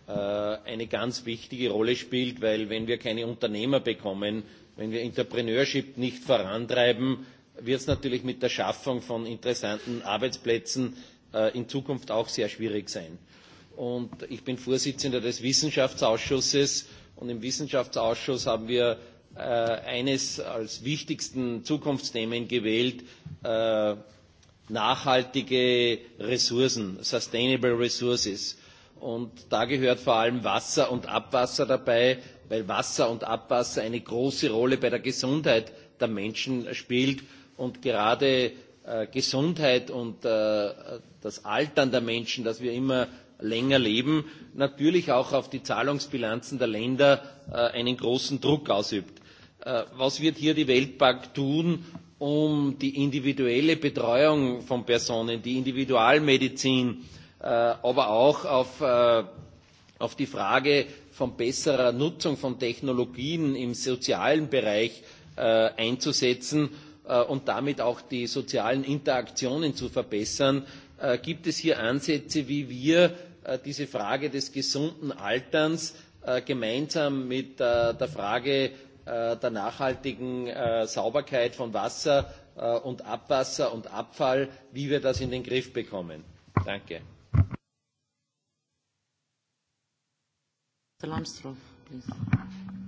äh, eine ganz wichtige Rolle spielt, weil wenn wir keine Unternehmer bekommen, wenn wir Entrepreneurship nicht vorantreiben, wird es natürlich mit der Schaffung von interessanten Arbeitsplätzen äh, in Zukunft auch sehr schwierig sein. Und ich bin Vorsitzender des Wissenschaftsausschusses und im Wissenschaftsausschuss haben wir äh, eines als wichtigsten Zukunftsthemen gewählt, äh, nachhaltige Ressourcen, sustainable resources. Und da gehört vor allem Wasser und Abwasser dabei, weil Wasser und Abwasser eine große Rolle bei der Gesundheit der Menschen spielt und gerade äh, Gesundheit und äh, das Altern der Menschen, dass wir immer länger leben, natürlich auch auf die Zahlungsbilanzen der Länder äh, einen großen Druck ausübt. Äh, was wird hier die Weltbank tun, um die individuelle Betreuung von Personen, die Individualmedizin, äh, aber auch auf, äh, auf die Frage von besserer Nutzung von Technologien im sozialen Bereich einzusetzen und damit auch die sozialen Interaktionen zu verbessern, gibt es hier Ansätze, wie wir diese Frage des gesunden Alterns gemeinsam mit der Frage Äh, der nachhaltigen äh, Sauberkeit von Wasser äh, und Abwasser und Abfall, wie wir das in den Griff bekommen. Danke.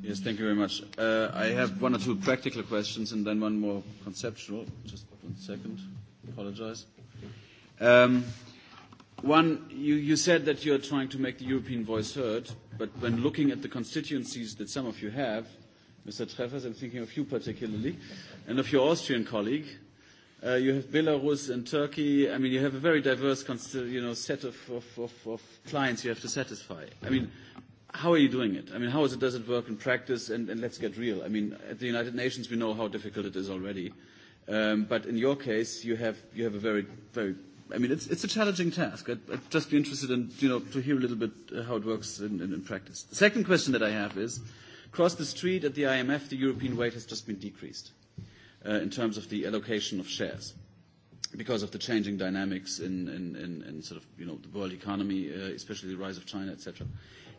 Yes, thank you very much. Uh, I have one or two practical questions and then one more conceptual. Just one second. Apologize. Um, one, you, you said that you're trying to make the European voice heard, but when looking at the constituencies that some of you have, Mr. Treffers, I'm thinking of you particularly, and of your Austrian colleague. Uh, you have Belarus and Turkey. I mean, you have a very diverse you know, set of, of, of, of clients you have to satisfy. I mean, how are you doing it? I mean, how is it, does it work in practice? And, and let's get real. I mean, at the United Nations, we know how difficult it is already. Um, but in your case, you have, you have a very, very, I mean, it's, it's a challenging task. I'd, I'd just be interested in, you know, to hear a little bit uh, how it works in, in, in practice. The second question that I have is, Across the street at the IMF, the European weight has just been decreased uh, in terms of the allocation of shares because of the changing dynamics in, in, in, in sort of, you know, the world economy, uh, especially the rise of China, etc.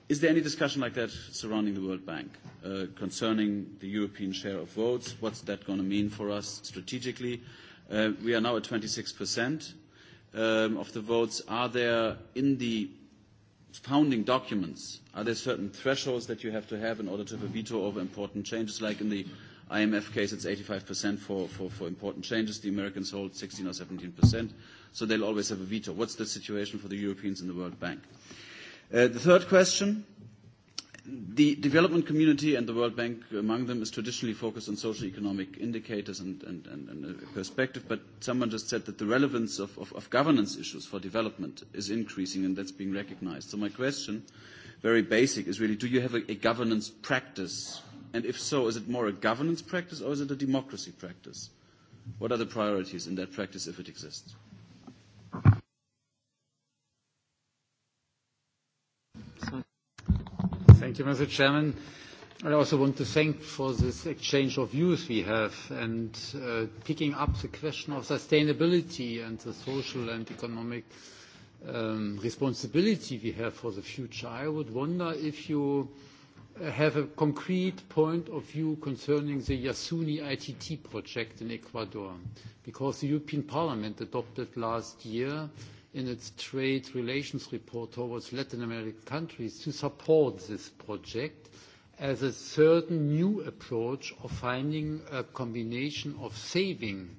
Is there any discussion like that surrounding the World Bank uh, concerning the European share of votes? What's that going to mean for us strategically? Uh, we are now at 26% um, of the votes. Are there in the founding documents, are there certain thresholds that you have to have in order to have a veto over important changes? Like in the IMF case, it's 85% for, for, for important changes. The Americans hold 16 or 17%, so they'll always have a veto. What's the situation for the Europeans in the World Bank? Uh, the third question, The development community and the World Bank among them is traditionally focused on social economic indicators and, and, and, and perspective, but someone just said that the relevance of, of, of governance issues for development is increasing and that's being recognized. So my question, very basic, is really do you have a, a governance practice? And if so, is it more a governance practice or is it a democracy practice? What are the priorities in that practice if it exists? Thank you, Mr. Chairman. I also want to thank for this exchange of views we have and uh, picking up the question of sustainability and the social and economic um, responsibility we have for the future. I would wonder if you have a concrete point of view concerning the Yasuni ITT project in Ecuador, because the European Parliament adopted last year in its trade relations report towards Latin American countries to support this project as a certain new approach of finding a combination of saving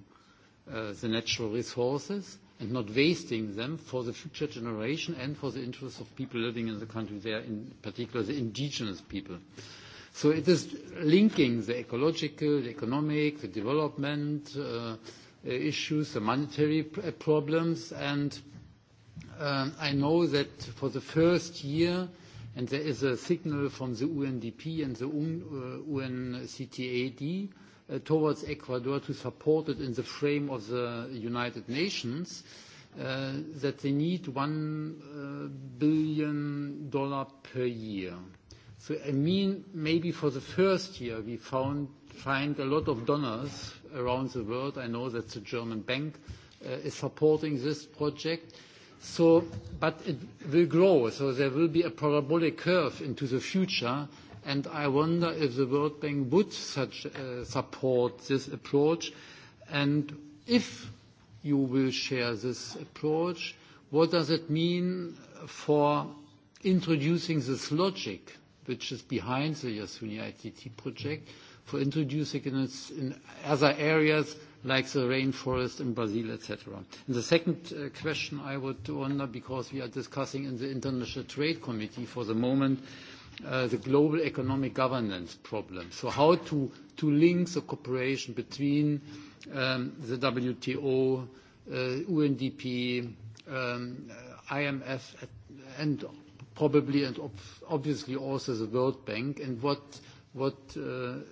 uh, the natural resources and not wasting them for the future generation and for the interests of people living in the country there, in particular the indigenous people. So it is linking the ecological, the economic, the development uh, issues, the monetary problems, and um, I know that for the first year, and there is a signal from the UNDP and the UNCTAD uh, uh, towards Ecuador to support it in the frame of the United Nations, uh, that they need one uh, billion dollar per year. So I mean, maybe for the first year, we found find a lot of donors around the world. I know that the German bank uh, is supporting this project, So, but it will grow, so there will be a parabolic curve into the future, and I wonder if the World Bank would such uh, support this approach, and if you will share this approach, what does it mean for introducing this logic which is behind the Yasuni ITT project, for introducing it in other areas like the rainforest in Brazil, etc. And the second uh, question I would wonder, because we are discussing in the International Trade Committee for the moment, Uh, the global economic governance problem. So how to, to link the cooperation between um, the WTO, uh, UNDP, um, uh, IMF, and probably and ob obviously also the World Bank, and what, what uh,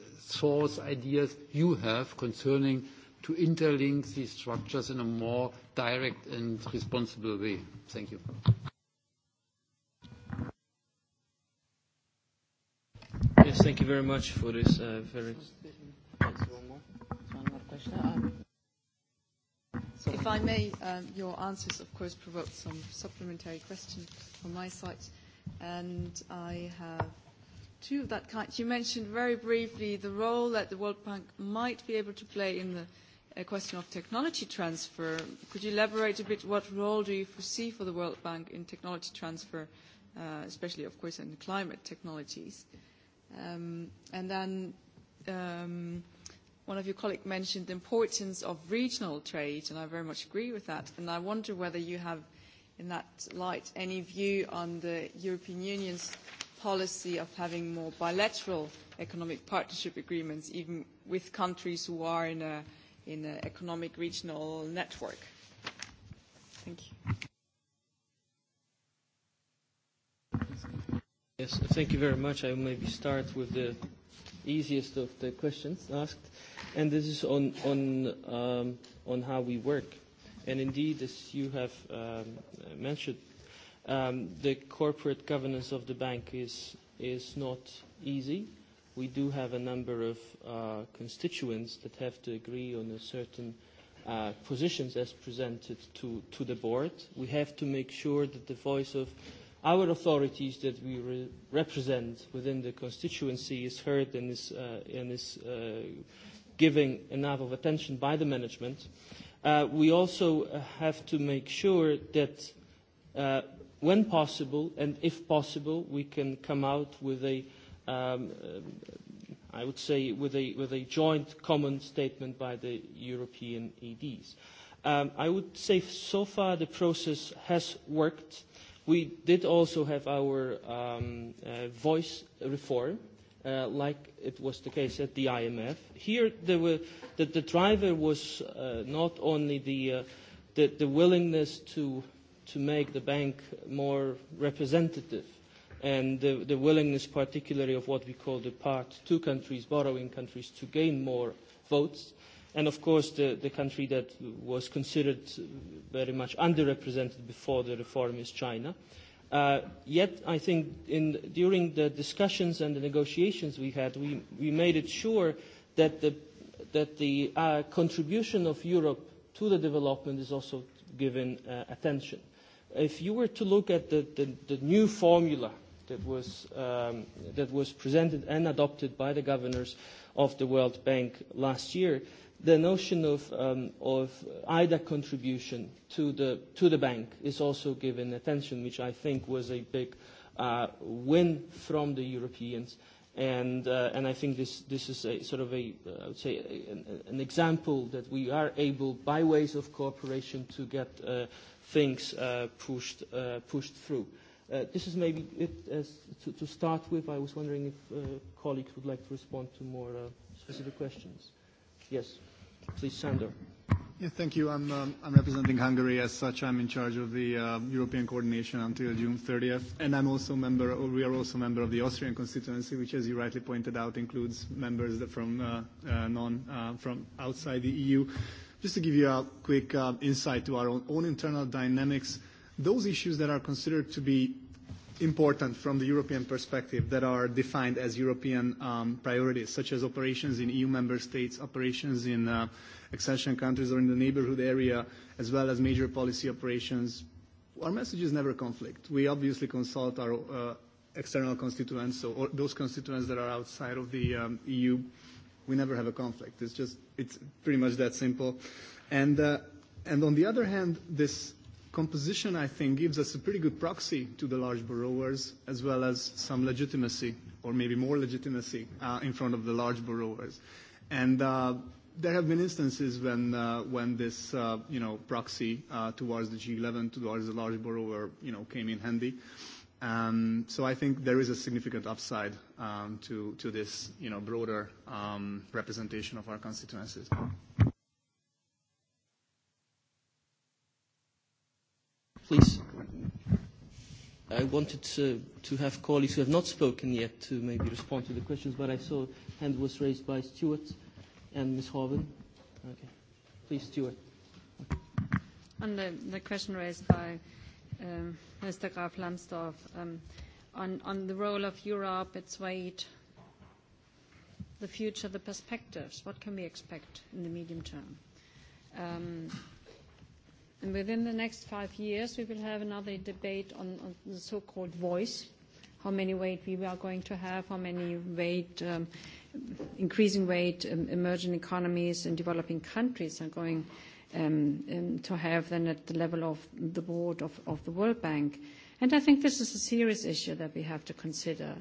thoughts, ideas you have concerning to interlink these structures in a more direct and responsible way. Thank you. Yes, thank you very much for this uh, very... If I may, um, your answers, of course, provoked some supplementary questions from my side, and I have two of that kind. You mentioned very briefly the role that the World Bank might be able to play in the a question of technology transfer. Could you elaborate a bit what role do you foresee for the World Bank in technology transfer, uh, especially, of course, in climate technologies? Um, and then um, one of your colleagues mentioned the importance of regional trade, and I very much agree with that. And I wonder whether you have, in that light, any view on the European Union's policy of having more bilateral economic partnership agreements, even with countries who are in a in an economic regional network. Thank you. Yes, thank you very much. I will maybe start with the easiest of the questions asked, and this is on, on, um, on how we work. And indeed, as you have um, mentioned, um, the corporate governance of the bank is, is not easy we do have a number of uh, constituents that have to agree on a certain uh, positions as presented to, to the board. We have to make sure that the voice of our authorities that we re represent within the constituency is heard and is, uh, and is uh, giving enough of attention by the management. Uh, we also uh, have to make sure that uh, when possible and if possible we can come out with a um, I would say, with a, with a joint common statement by the European EDs. Um, I would say so far the process has worked. We did also have our um, uh, voice reform, uh, like it was the case at the IMF. Here, there were, the, the driver was uh, not only the, uh, the, the willingness to, to make the bank more representative and the, the willingness particularly of what we call the part two countries, borrowing countries, to gain more votes. And of course, the, the country that was considered very much underrepresented before the reform is China. Uh, yet, I think in, during the discussions and the negotiations we had, we, we made it sure that the, that the uh, contribution of Europe to the development is also given uh, attention. If you were to look at the, the, the new formula that was, um, that was presented and adopted by the governors of the World Bank last year, the notion of, um, of IDA contribution to the, to the bank is also given attention, which I think was a big uh, win from the Europeans. And, uh, and I think this, this is a sort of a, uh, I would say, a an, an example that we are able, by ways of cooperation, to get uh, things uh, pushed, uh, pushed through. Uh, this is maybe it as to, to start with. I was wondering if uh, colleagues would like to respond to more uh, specific questions. Yes, please, Sander. Yeah, thank you. I'm, um, I'm representing Hungary. As such, I'm in charge of the uh, European coordination until June 30th, and I'm also member. Or we are also a member of the Austrian constituency, which, as you rightly pointed out, includes members that from uh, uh, non uh, from outside the EU. Just to give you a quick uh, insight to our own, own internal dynamics those issues that are considered to be important from the European perspective that are defined as European um, priorities, such as operations in EU member states, operations in uh, accession countries or in the neighborhood area, as well as major policy operations. Our messages never conflict. We obviously consult our uh, external constituents, so or those constituents that are outside of the um, EU. We never have a conflict. It's just, it's pretty much that simple. And, uh, and on the other hand, this composition, I think, gives us a pretty good proxy to the large borrowers, as well as some legitimacy, or maybe more legitimacy, uh, in front of the large borrowers. And uh, there have been instances when, uh, when this, uh, you know, proxy uh, towards the G11, towards the large borrower, you know, came in handy. Um, so I think there is a significant upside um, to, to this, you know, broader um, representation of our constituencies. I wanted to, to have colleagues who have not spoken yet to maybe respond to the questions, but I saw hand was raised by Stuart and Ms. Hoven. Okay. Please, Stuart. On the, the question raised by um, Mr. Graf Lambsdorff, um, on, on the role of Europe, its weight, the future, the perspectives, what can we expect in the medium term? Um, And within the next five years, we will have another debate on, on the so-called voice, how many weight we are going to have, how many weight, um, increasing weight um, emerging economies and developing countries are going um, um, to have then at the level of the board of, of the World Bank. And I think this is a serious issue that we have to consider.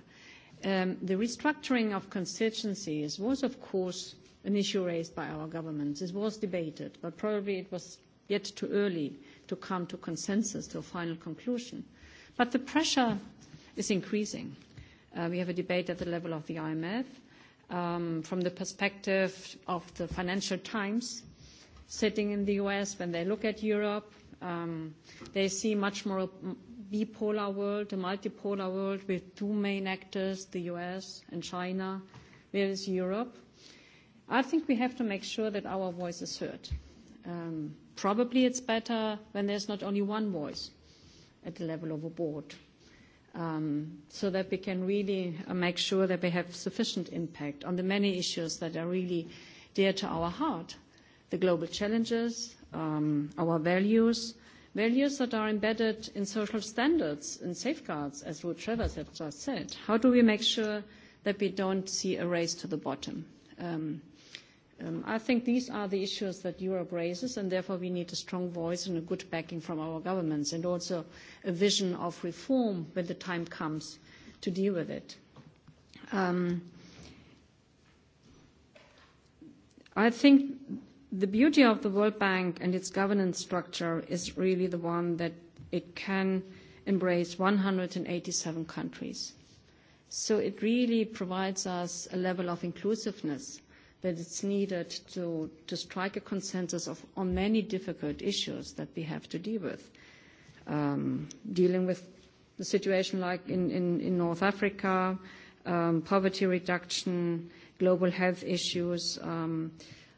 Um, the restructuring of constituencies was, of course, an issue raised by our governments. It was debated, but probably it was yet too early to come to consensus, to a final conclusion. But the pressure is increasing. Uh, we have a debate at the level of the IMF. Um, from the perspective of the Financial Times, sitting in the US, when they look at Europe, um, they see much more a bipolar world, a multipolar world with two main actors, the US and China, where is Europe. I think we have to make sure that our voice is heard. Um, probably it's better when there's not only one voice at the level of a board, um, so that we can really uh, make sure that we have sufficient impact on the many issues that are really dear to our heart, the global challenges, um, our values, values that are embedded in social standards and safeguards, as Ruth Travers has just said. How do we make sure that we don't see a race to the bottom? Um, Um, I think these are the issues that Europe raises, and therefore we need a strong voice and a good backing from our governments, and also a vision of reform when the time comes to deal with it. Um, I think the beauty of the World Bank and its governance structure is really the one that it can embrace 187 countries. So it really provides us a level of inclusiveness that it's needed to, to strike a consensus of, on many difficult issues that we have to deal with. Um, dealing with the situation like in, in, in North Africa, um, poverty reduction, global health issues, um,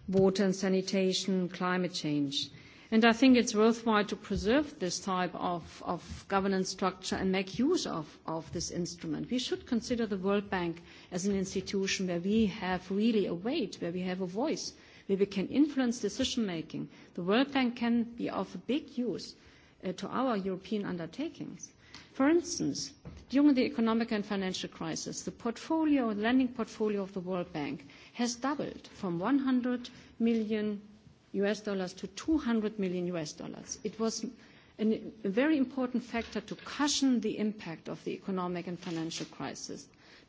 water and sanitation, climate change. And I think it's worthwhile to preserve this type of, of governance structure and make use of, of this instrument. We should consider the World Bank as an institution where we have really a weight, where we have a voice, where we can influence decision making. The World Bank can be of big use uh, to our European undertakings. For instance, during the economic and financial crisis, the portfolio, the lending portfolio of the World Bank has doubled from 100 million US dollars to 200 million US dollars. It was an, a very important factor to cushion the impact of the economic and financial crisis,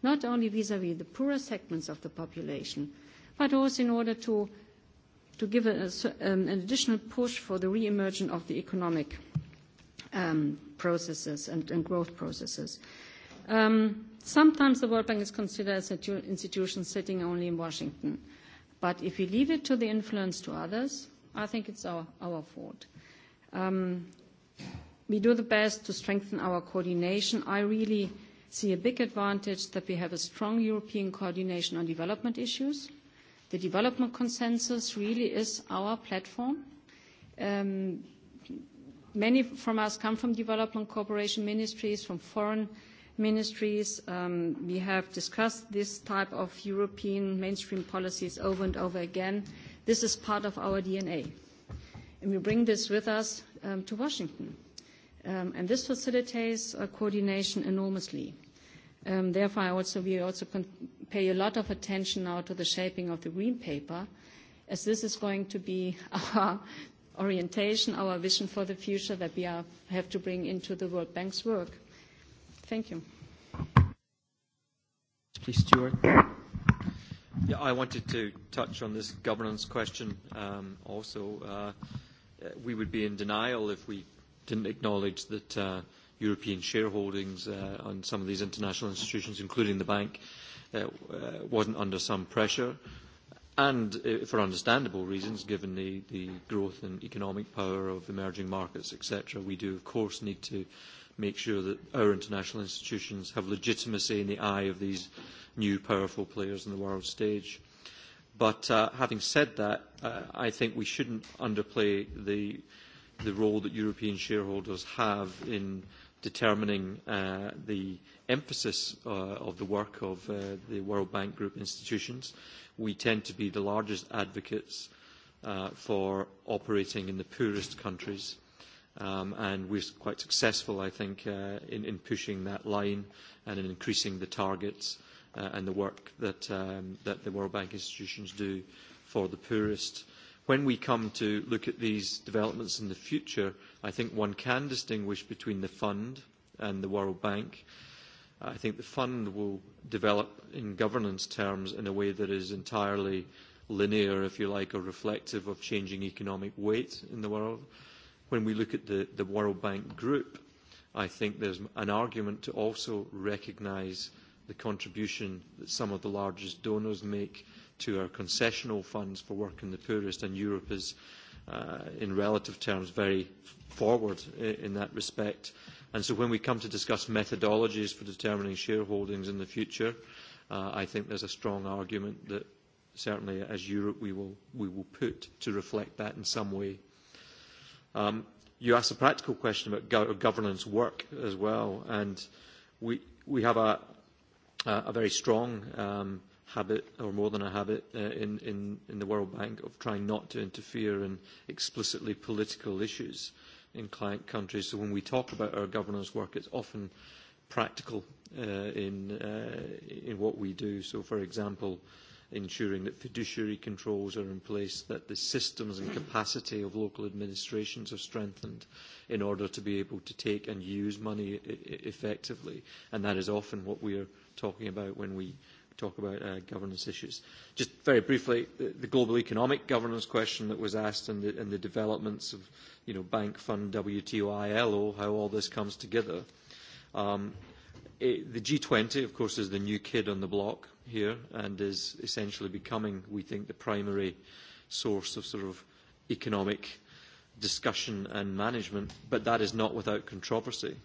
not only vis-à-vis -vis the poorer segments of the population, but also in order to, to give a, a, um, an additional push for the re-emergence of the economic um, processes and, and growth processes. Um, sometimes the World Bank is considered as an institution sitting only in Washington. But if we leave it to the influence to others, I think it's our, our fault. Um, we do the best to strengthen our coordination. I really see a big advantage that we have a strong European coordination on development issues. The development consensus really is our platform. Um, many from us come from development cooperation ministries, from foreign ministries ministries. Um, we have discussed this type of European mainstream policies over and over again. This is part of our DNA. And we bring this with us um, to Washington. Um, and this facilitates uh, coordination enormously. Um, therefore, I also, we also con pay a lot of attention now to the shaping of the green paper, as this is going to be our orientation, our vision for the future that we are, have to bring into the World Bank's work. Thank you. Please, Stuart. Yeah, I wanted to touch on this governance question um, also. Uh, uh we would be in denial if we didn't acknowledge that uh, European shareholdings uh, on some of these international institutions, including the bank, uh, uh, wasn't under some pressure. And uh, for understandable reasons, given the, the growth and economic power of emerging markets, etc., we do, of course, need to make sure that our international institutions have legitimacy in the eye of these new powerful players on the world stage. But uh, having said that, uh, I think we shouldn't underplay the, the role that European shareholders have in determining uh, the emphasis uh, of the work of uh, the World Bank Group institutions. We tend to be the largest advocates uh, for operating in the poorest countries um, and we're quite successful, I think, uh, in, in pushing that line and in increasing the targets uh, and the work that, um, that the World Bank institutions do for the poorest. When we come to look at these developments in the future, I think one can distinguish between the fund and the World Bank. I think the fund will develop in governance terms in a way that is entirely linear, if you like, or reflective of changing economic weight in the world when we look at the, the World Bank Group, I think there's an argument to also recognise the contribution that some of the largest donors make to our concessional funds for working the poorest, and Europe is, uh, in relative terms, very forward in, in that respect. And so when we come to discuss methodologies for determining shareholdings in the future, uh, I think there's a strong argument that certainly as Europe we will, we will put to reflect that in some way Um, you asked a practical question about go governance work as well, and we, we have a, a very strong um, habit, or more than a habit, uh, in, in, in the World Bank of trying not to interfere in explicitly political issues in client countries. So when we talk about our governance work, it's often practical uh, in, uh, in what we do. So, for example, uh, ensuring that fiduciary controls are in place, that the systems and capacity of local administrations are strengthened in order to be able to take and use money e-, e-, effectively. And that is often what we are talking about when we talk about uh, governance issues. Just very briefly, the, the global economic governance question that was asked and the, and the developments of you know, bank fund, WTO, ILO, how all this comes together. Um, the G20, of course, is the new kid on the block here and is essentially becoming, we think, the primary source of sort of economic discussion and management, but that is not without controversy.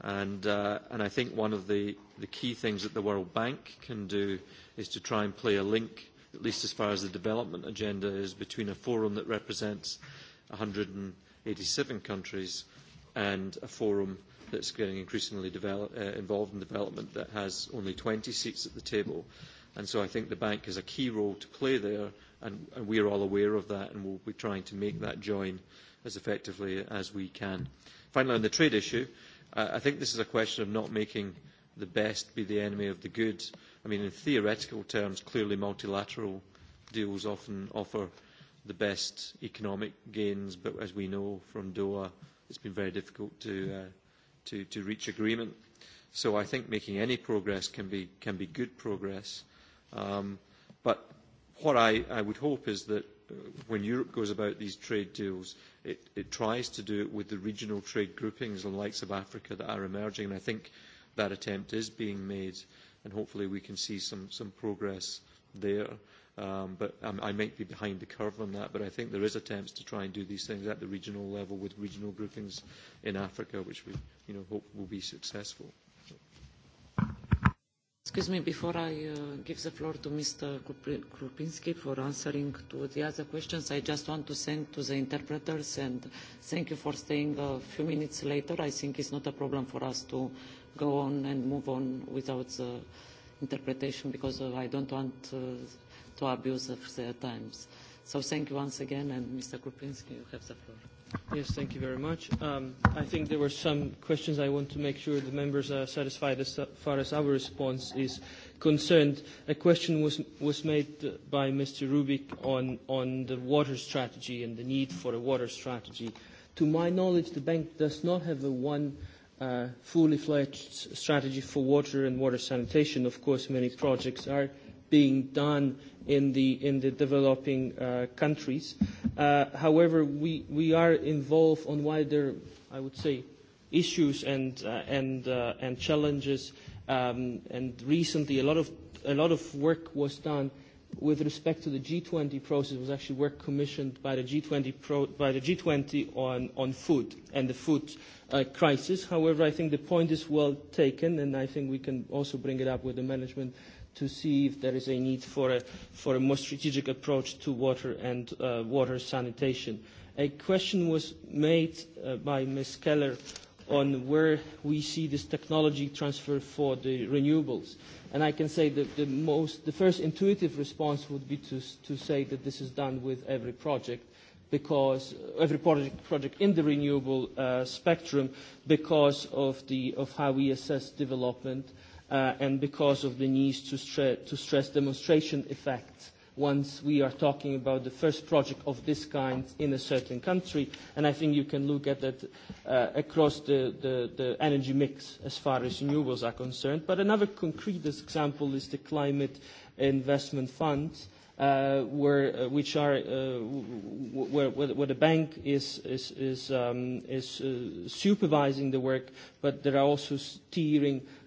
And, uh, and I think one of the, the key things that the World Bank can do is to try and play a link, at least as far as the development agenda is, between a forum that represents 187 countries and a forum that's getting increasingly develop, uh, involved in development that has only 20 seats at the table. And so I think the bank has a key role to play there, and, and we're all aware of that, and we'll be trying to make that join as effectively as we can. Finally, on the trade issue, uh, I think this is a question of not making the best be the enemy of the good. I mean, in theoretical terms, clearly multilateral deals often offer the best economic gains, but as we know from Doha, it's been very difficult to, uh, to, to reach agreement. So I think making any progress can be, can be good progress. Um, but what I, I would hope is that uh, when Europe goes about these trade deals, it, it tries to do it with the regional trade groupings and likes of Africa that are emerging. And I think that attempt is being made, and hopefully we can see some, some progress there um, but um, I might be behind the curve on that, but I think there is attempts to try and do these things at the regional level with regional groupings in Africa, which we you know, hope will be successful. Excuse me, before I uh, give the floor to Mr. Krupinski for answering to the other questions, I just want to thank to the interpreters and thank you for staying a few minutes later. I think it's not a problem for us to go on and move on without the interpretation because of, I don't want uh, to abuse of their times. So thank you once again, and Mr. Krupinski, you have the floor. Yes, thank you very much. Um, I think there were some questions I want to make sure the members are satisfied as far as our response is concerned. A question was, was made by Mr. Rubik on, on the water strategy and the need for a water strategy. To my knowledge, the bank does not have a one uh, fully fledged strategy for water and water sanitation. Of course, many projects are being done in the, in the developing uh, countries. Uh, however, we, we are involved on wider, I would say, issues and, uh, and, uh, and challenges. Um, and recently, a lot, of, a lot of work was done with respect to the G20 process was actually work commissioned by the G20, pro, by the G20 on, on food and the food uh, crisis. However, I think the point is well taken, and I think we can also bring it up with the management to see if there is a need for a, for a more strategic approach to water and uh, water sanitation. A question was made uh, by Ms. Keller on where we see this technology transfer for the renewables. And I can say that the, most, the first intuitive response would be to, to say that this is done with every project because every project, project in the renewable uh, spectrum because of, the, of how we assess development uh, and because of the need to, stre to stress demonstration effects once we are talking about the first project of this kind in a certain country. And I think you can look at that uh, across the, the, the energy mix as far as renewables are concerned. But another concrete example is the climate investment funds. Uh, where uh, which are uh, where, where the bank is is is, um, is uh, supervising the work, but there are also steering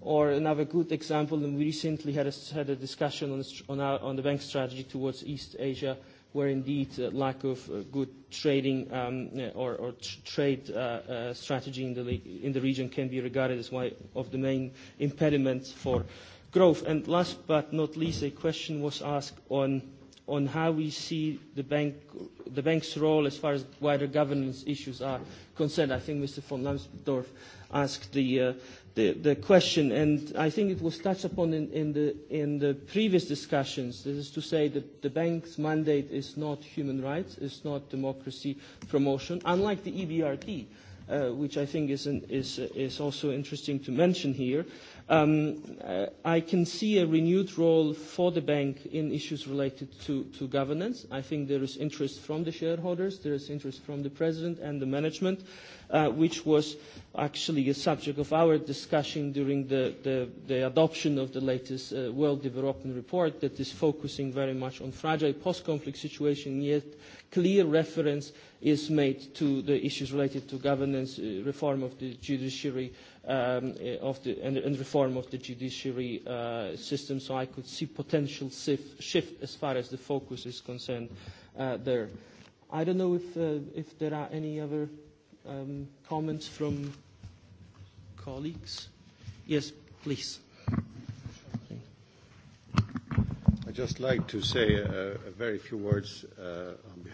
Or another good example, and we recently had a, had a discussion on, on, our, on the bank strategy towards East Asia, where indeed uh, lack of uh, good trading um, uh, or, or tr trade uh, uh, strategy in the, in the region can be regarded as one of the main impediments for growth. And last but not least, a question was asked on on how we see the, bank, the bank's role as far as wider governance issues are concerned. I think Mr. von Lambsdorff asked the, uh, the, the question, and I think it was touched upon in, in, the, in the previous discussions. This is to say that the bank's mandate is not human rights, it's not democracy promotion, unlike the EBRD, uh, which I think is, an, is, is also interesting to mention here. Uh, Um, uh, I can see a renewed role for the bank in issues related to, to governance. I think there is interest from the shareholders, there is interest from the president and the management, uh, which was actually a subject of our discussion during the, the, the adoption of the latest uh, World Development Report that is focusing very much on fragile post-conflict situation, yet clear reference is made to the issues related to governance, uh, reform of the judiciary, um, eh, of the, and, and reform of the judiciary uh, system, so I could see potential sif, shift as far as the focus is concerned uh, there. I don't know if, uh, if there are any other um, comments from colleagues. Yes, please. I'd just like to say a, uh, a very few words uh,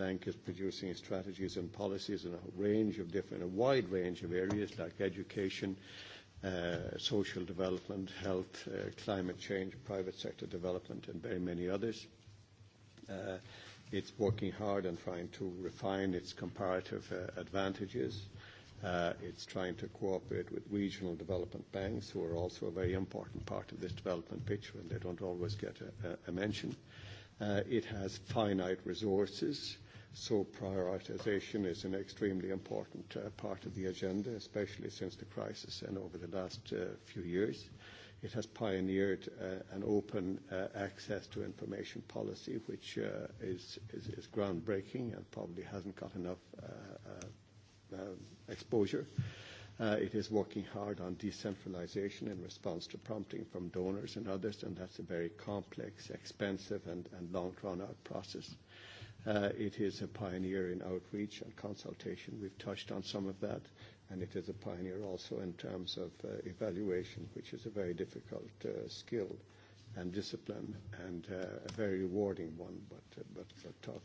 Bank is producing strategies and policies in a range of different, a wide range of areas like education, uh, social development, health, uh, climate change, private sector development, and very many others. Uh, it's working hard and trying to refine its comparative uh, advantages. Uh, it's trying to cooperate with regional development banks, who are also a very important part of this development picture, and they don't always get a, a, a mention. Uh, it has finite resources. Uh, So prioritization is an extremely important uh, part of the agenda, especially since the crisis and over the last uh, few years. It has pioneered uh, an open uh, access to information policy, which uh, is, is, is groundbreaking and probably hasn't got enough uh, uh, um, exposure. Uh, it is working hard on decentralization in response to prompting from donors and others, and that's a very complex, expensive, and, and long drawn out process. Uh, Uh, it is a pioneer in outreach and consultation. We've touched on some of that, and it is a pioneer also in terms of uh, evaluation, which is a very difficult uh, skill and discipline and uh, a very rewarding one, but, uh, but, but tough.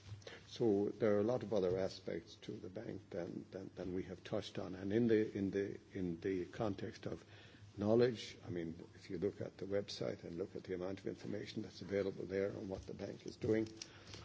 So there are a lot of other aspects to the bank than, than, than we have touched on. And in the, in, the, in the context of knowledge, I mean, if you look at the website and look at the amount of information that's available there on what the bank is doing, uh,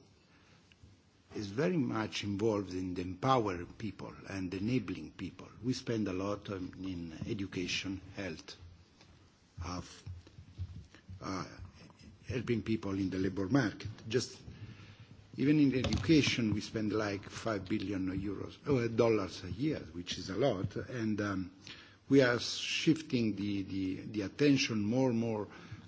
is very much involved in the empowering people and enabling people. We spend a lot um, in education, health, of uh, helping people in the labor market. Just even in education, we spend like 5 billion euros, uh dollars a year, which is a lot, and um, we are shifting the, the, the attention more and more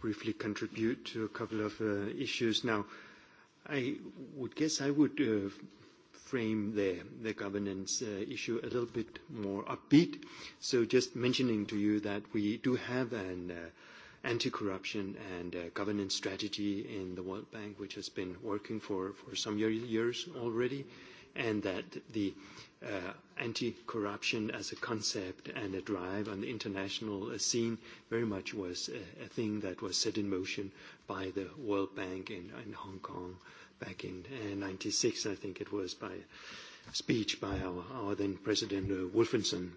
briefly contribute to a couple of uh, issues. Now, I would guess I would uh, frame the, the governance uh, issue a little bit more upbeat. So just mentioning to you that we do have an uh, anti-corruption and uh, governance strategy in the World Bank, which has been working for, for some year, years already and that the uh, anti-corruption as a concept and a drive on the international uh, scene very much was a, a thing that was set in motion by the World Bank in, in Hong Kong back in uh, 96, I think it was, by a speech by our, our then President uh, Wolfenson.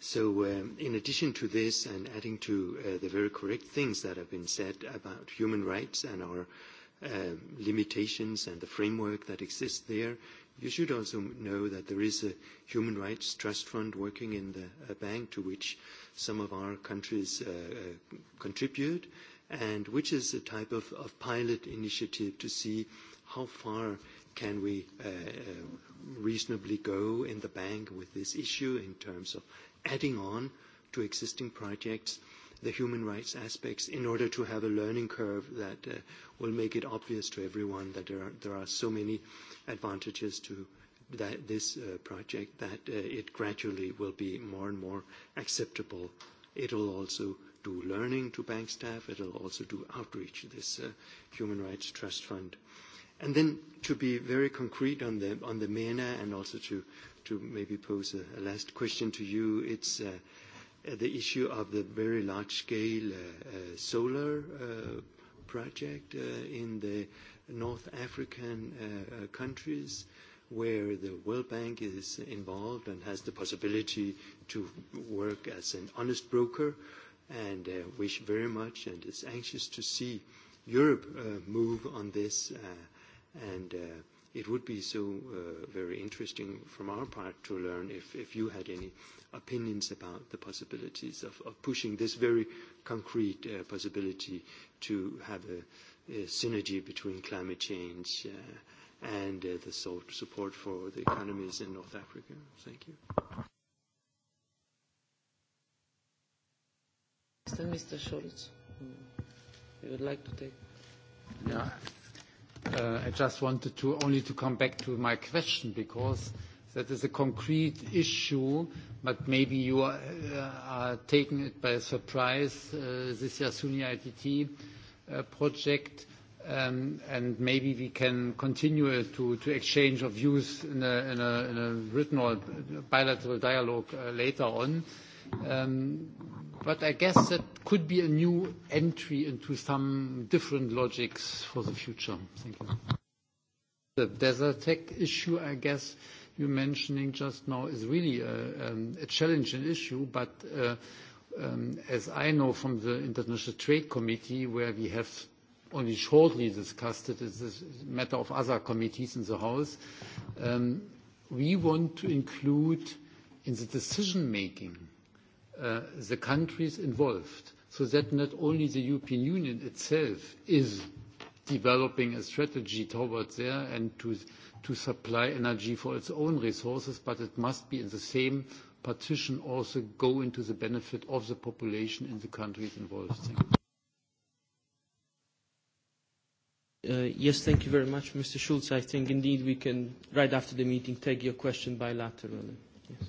So um, in addition to this and adding to uh, the very correct things that have been said about human rights and our um, limitations and the framework that exists there. You should also know that there is a human rights trust fund working in the uh, bank to which some of our countries uh, uh, contribute and which is a type of, of pilot initiative to see how far can we uh, uh, reasonably go in the bank with this issue in terms of adding on to existing projects the human rights aspects in order to have a learning curve that uh, will make it obvious to everyone that there are, there are so many advantages to that, this uh, project that uh, it gradually will be more and more acceptable. It will also do learning to bank staff. It will also do outreach, this uh, Human Rights Trust Fund. And then to be very concrete on the, on the MENA and also to, to maybe pose a, a last question to you, it's uh, the issue of the very large-scale uh, uh, solar uh, project uh, in the North African uh, uh, countries where the World Bank is involved and has the possibility to work as an honest broker and uh, wish very much and is anxious to see Europe uh, move on this uh, and uh, it would be so uh, very interesting from our part to learn if, if you had any opinions about the possibilities of, of pushing this very concrete uh, possibility to have a, a synergy between climate change uh, and uh, the support for the economies in North Africa. Thank you. Mr. Schulz, hmm, you would like to take? Yeah. Uh, I just wanted to only to come back to my question because That is a concrete issue, but maybe you are, uh, are taking it by surprise, uh, this Yasuni ITT uh, project, um, and maybe we can continue to, to exchange of views in a, in, a, in a written or bilateral dialogue uh, later on. Um, but I guess that could be a new entry into some different logics for the future. Thank you. The tech issue, I guess, you're mentioning just now is really a, um, a challenging issue, but uh, um, as I know from the International Trade Committee, where we have only shortly discussed it, it's a matter of other committees in the House, um, we want to include in the decision-making uh, the countries involved, so that not only the European Union itself is developing a strategy towards there and to, to supply energy for its own resources, but it must be in the same partition also go into the benefit of the population in the countries involved. Thank you. Uh, yes, thank you very much, Mr. Schulz. I think indeed we can, right after the meeting, take your question bilaterally. Yes.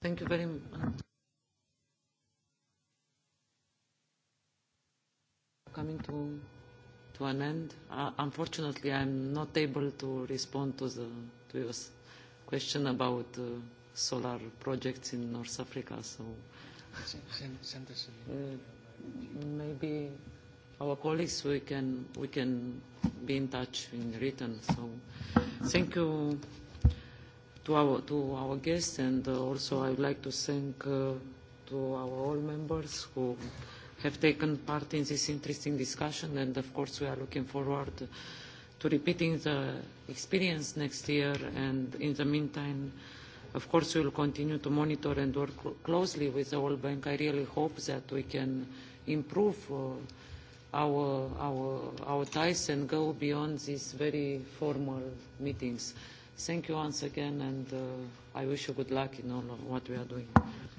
Thank you very much. coming to, to an end. Uh, unfortunately, I'm not able to respond to, the, to your question about uh, solar projects in North Africa, so uh, maybe our colleagues we can we can be in touch in written so thank you to our to our guests and uh, also I would like to thank uh, to our all members who have taken part in this interesting discussion and of course we are looking forward to repeating the experience next year and in the meantime of course we will continue to monitor and work closely with the World Bank. I really hope that we can improve uh, our, our, our ties and go beyond these very formal meetings. Thank you once again and uh, I wish you good luck in all of what we are doing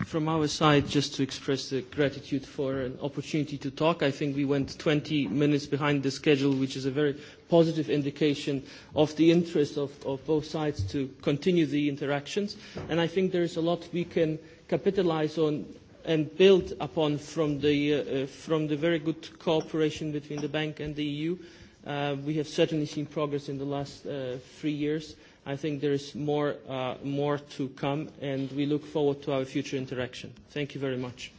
from our side, just to express the gratitude for an opportunity to talk. I think we went 20 minutes behind the schedule, which is a very positive indication of the interest of, of both sides to continue the interactions. And I think there is a lot we can capitalize on and build upon from the, uh, uh from the very good cooperation between the bank and the EU. Uh, we have certainly seen progress in the last uh, three years I think there is more, uh, more to come, and we look forward to our future interaction. Thank you very much.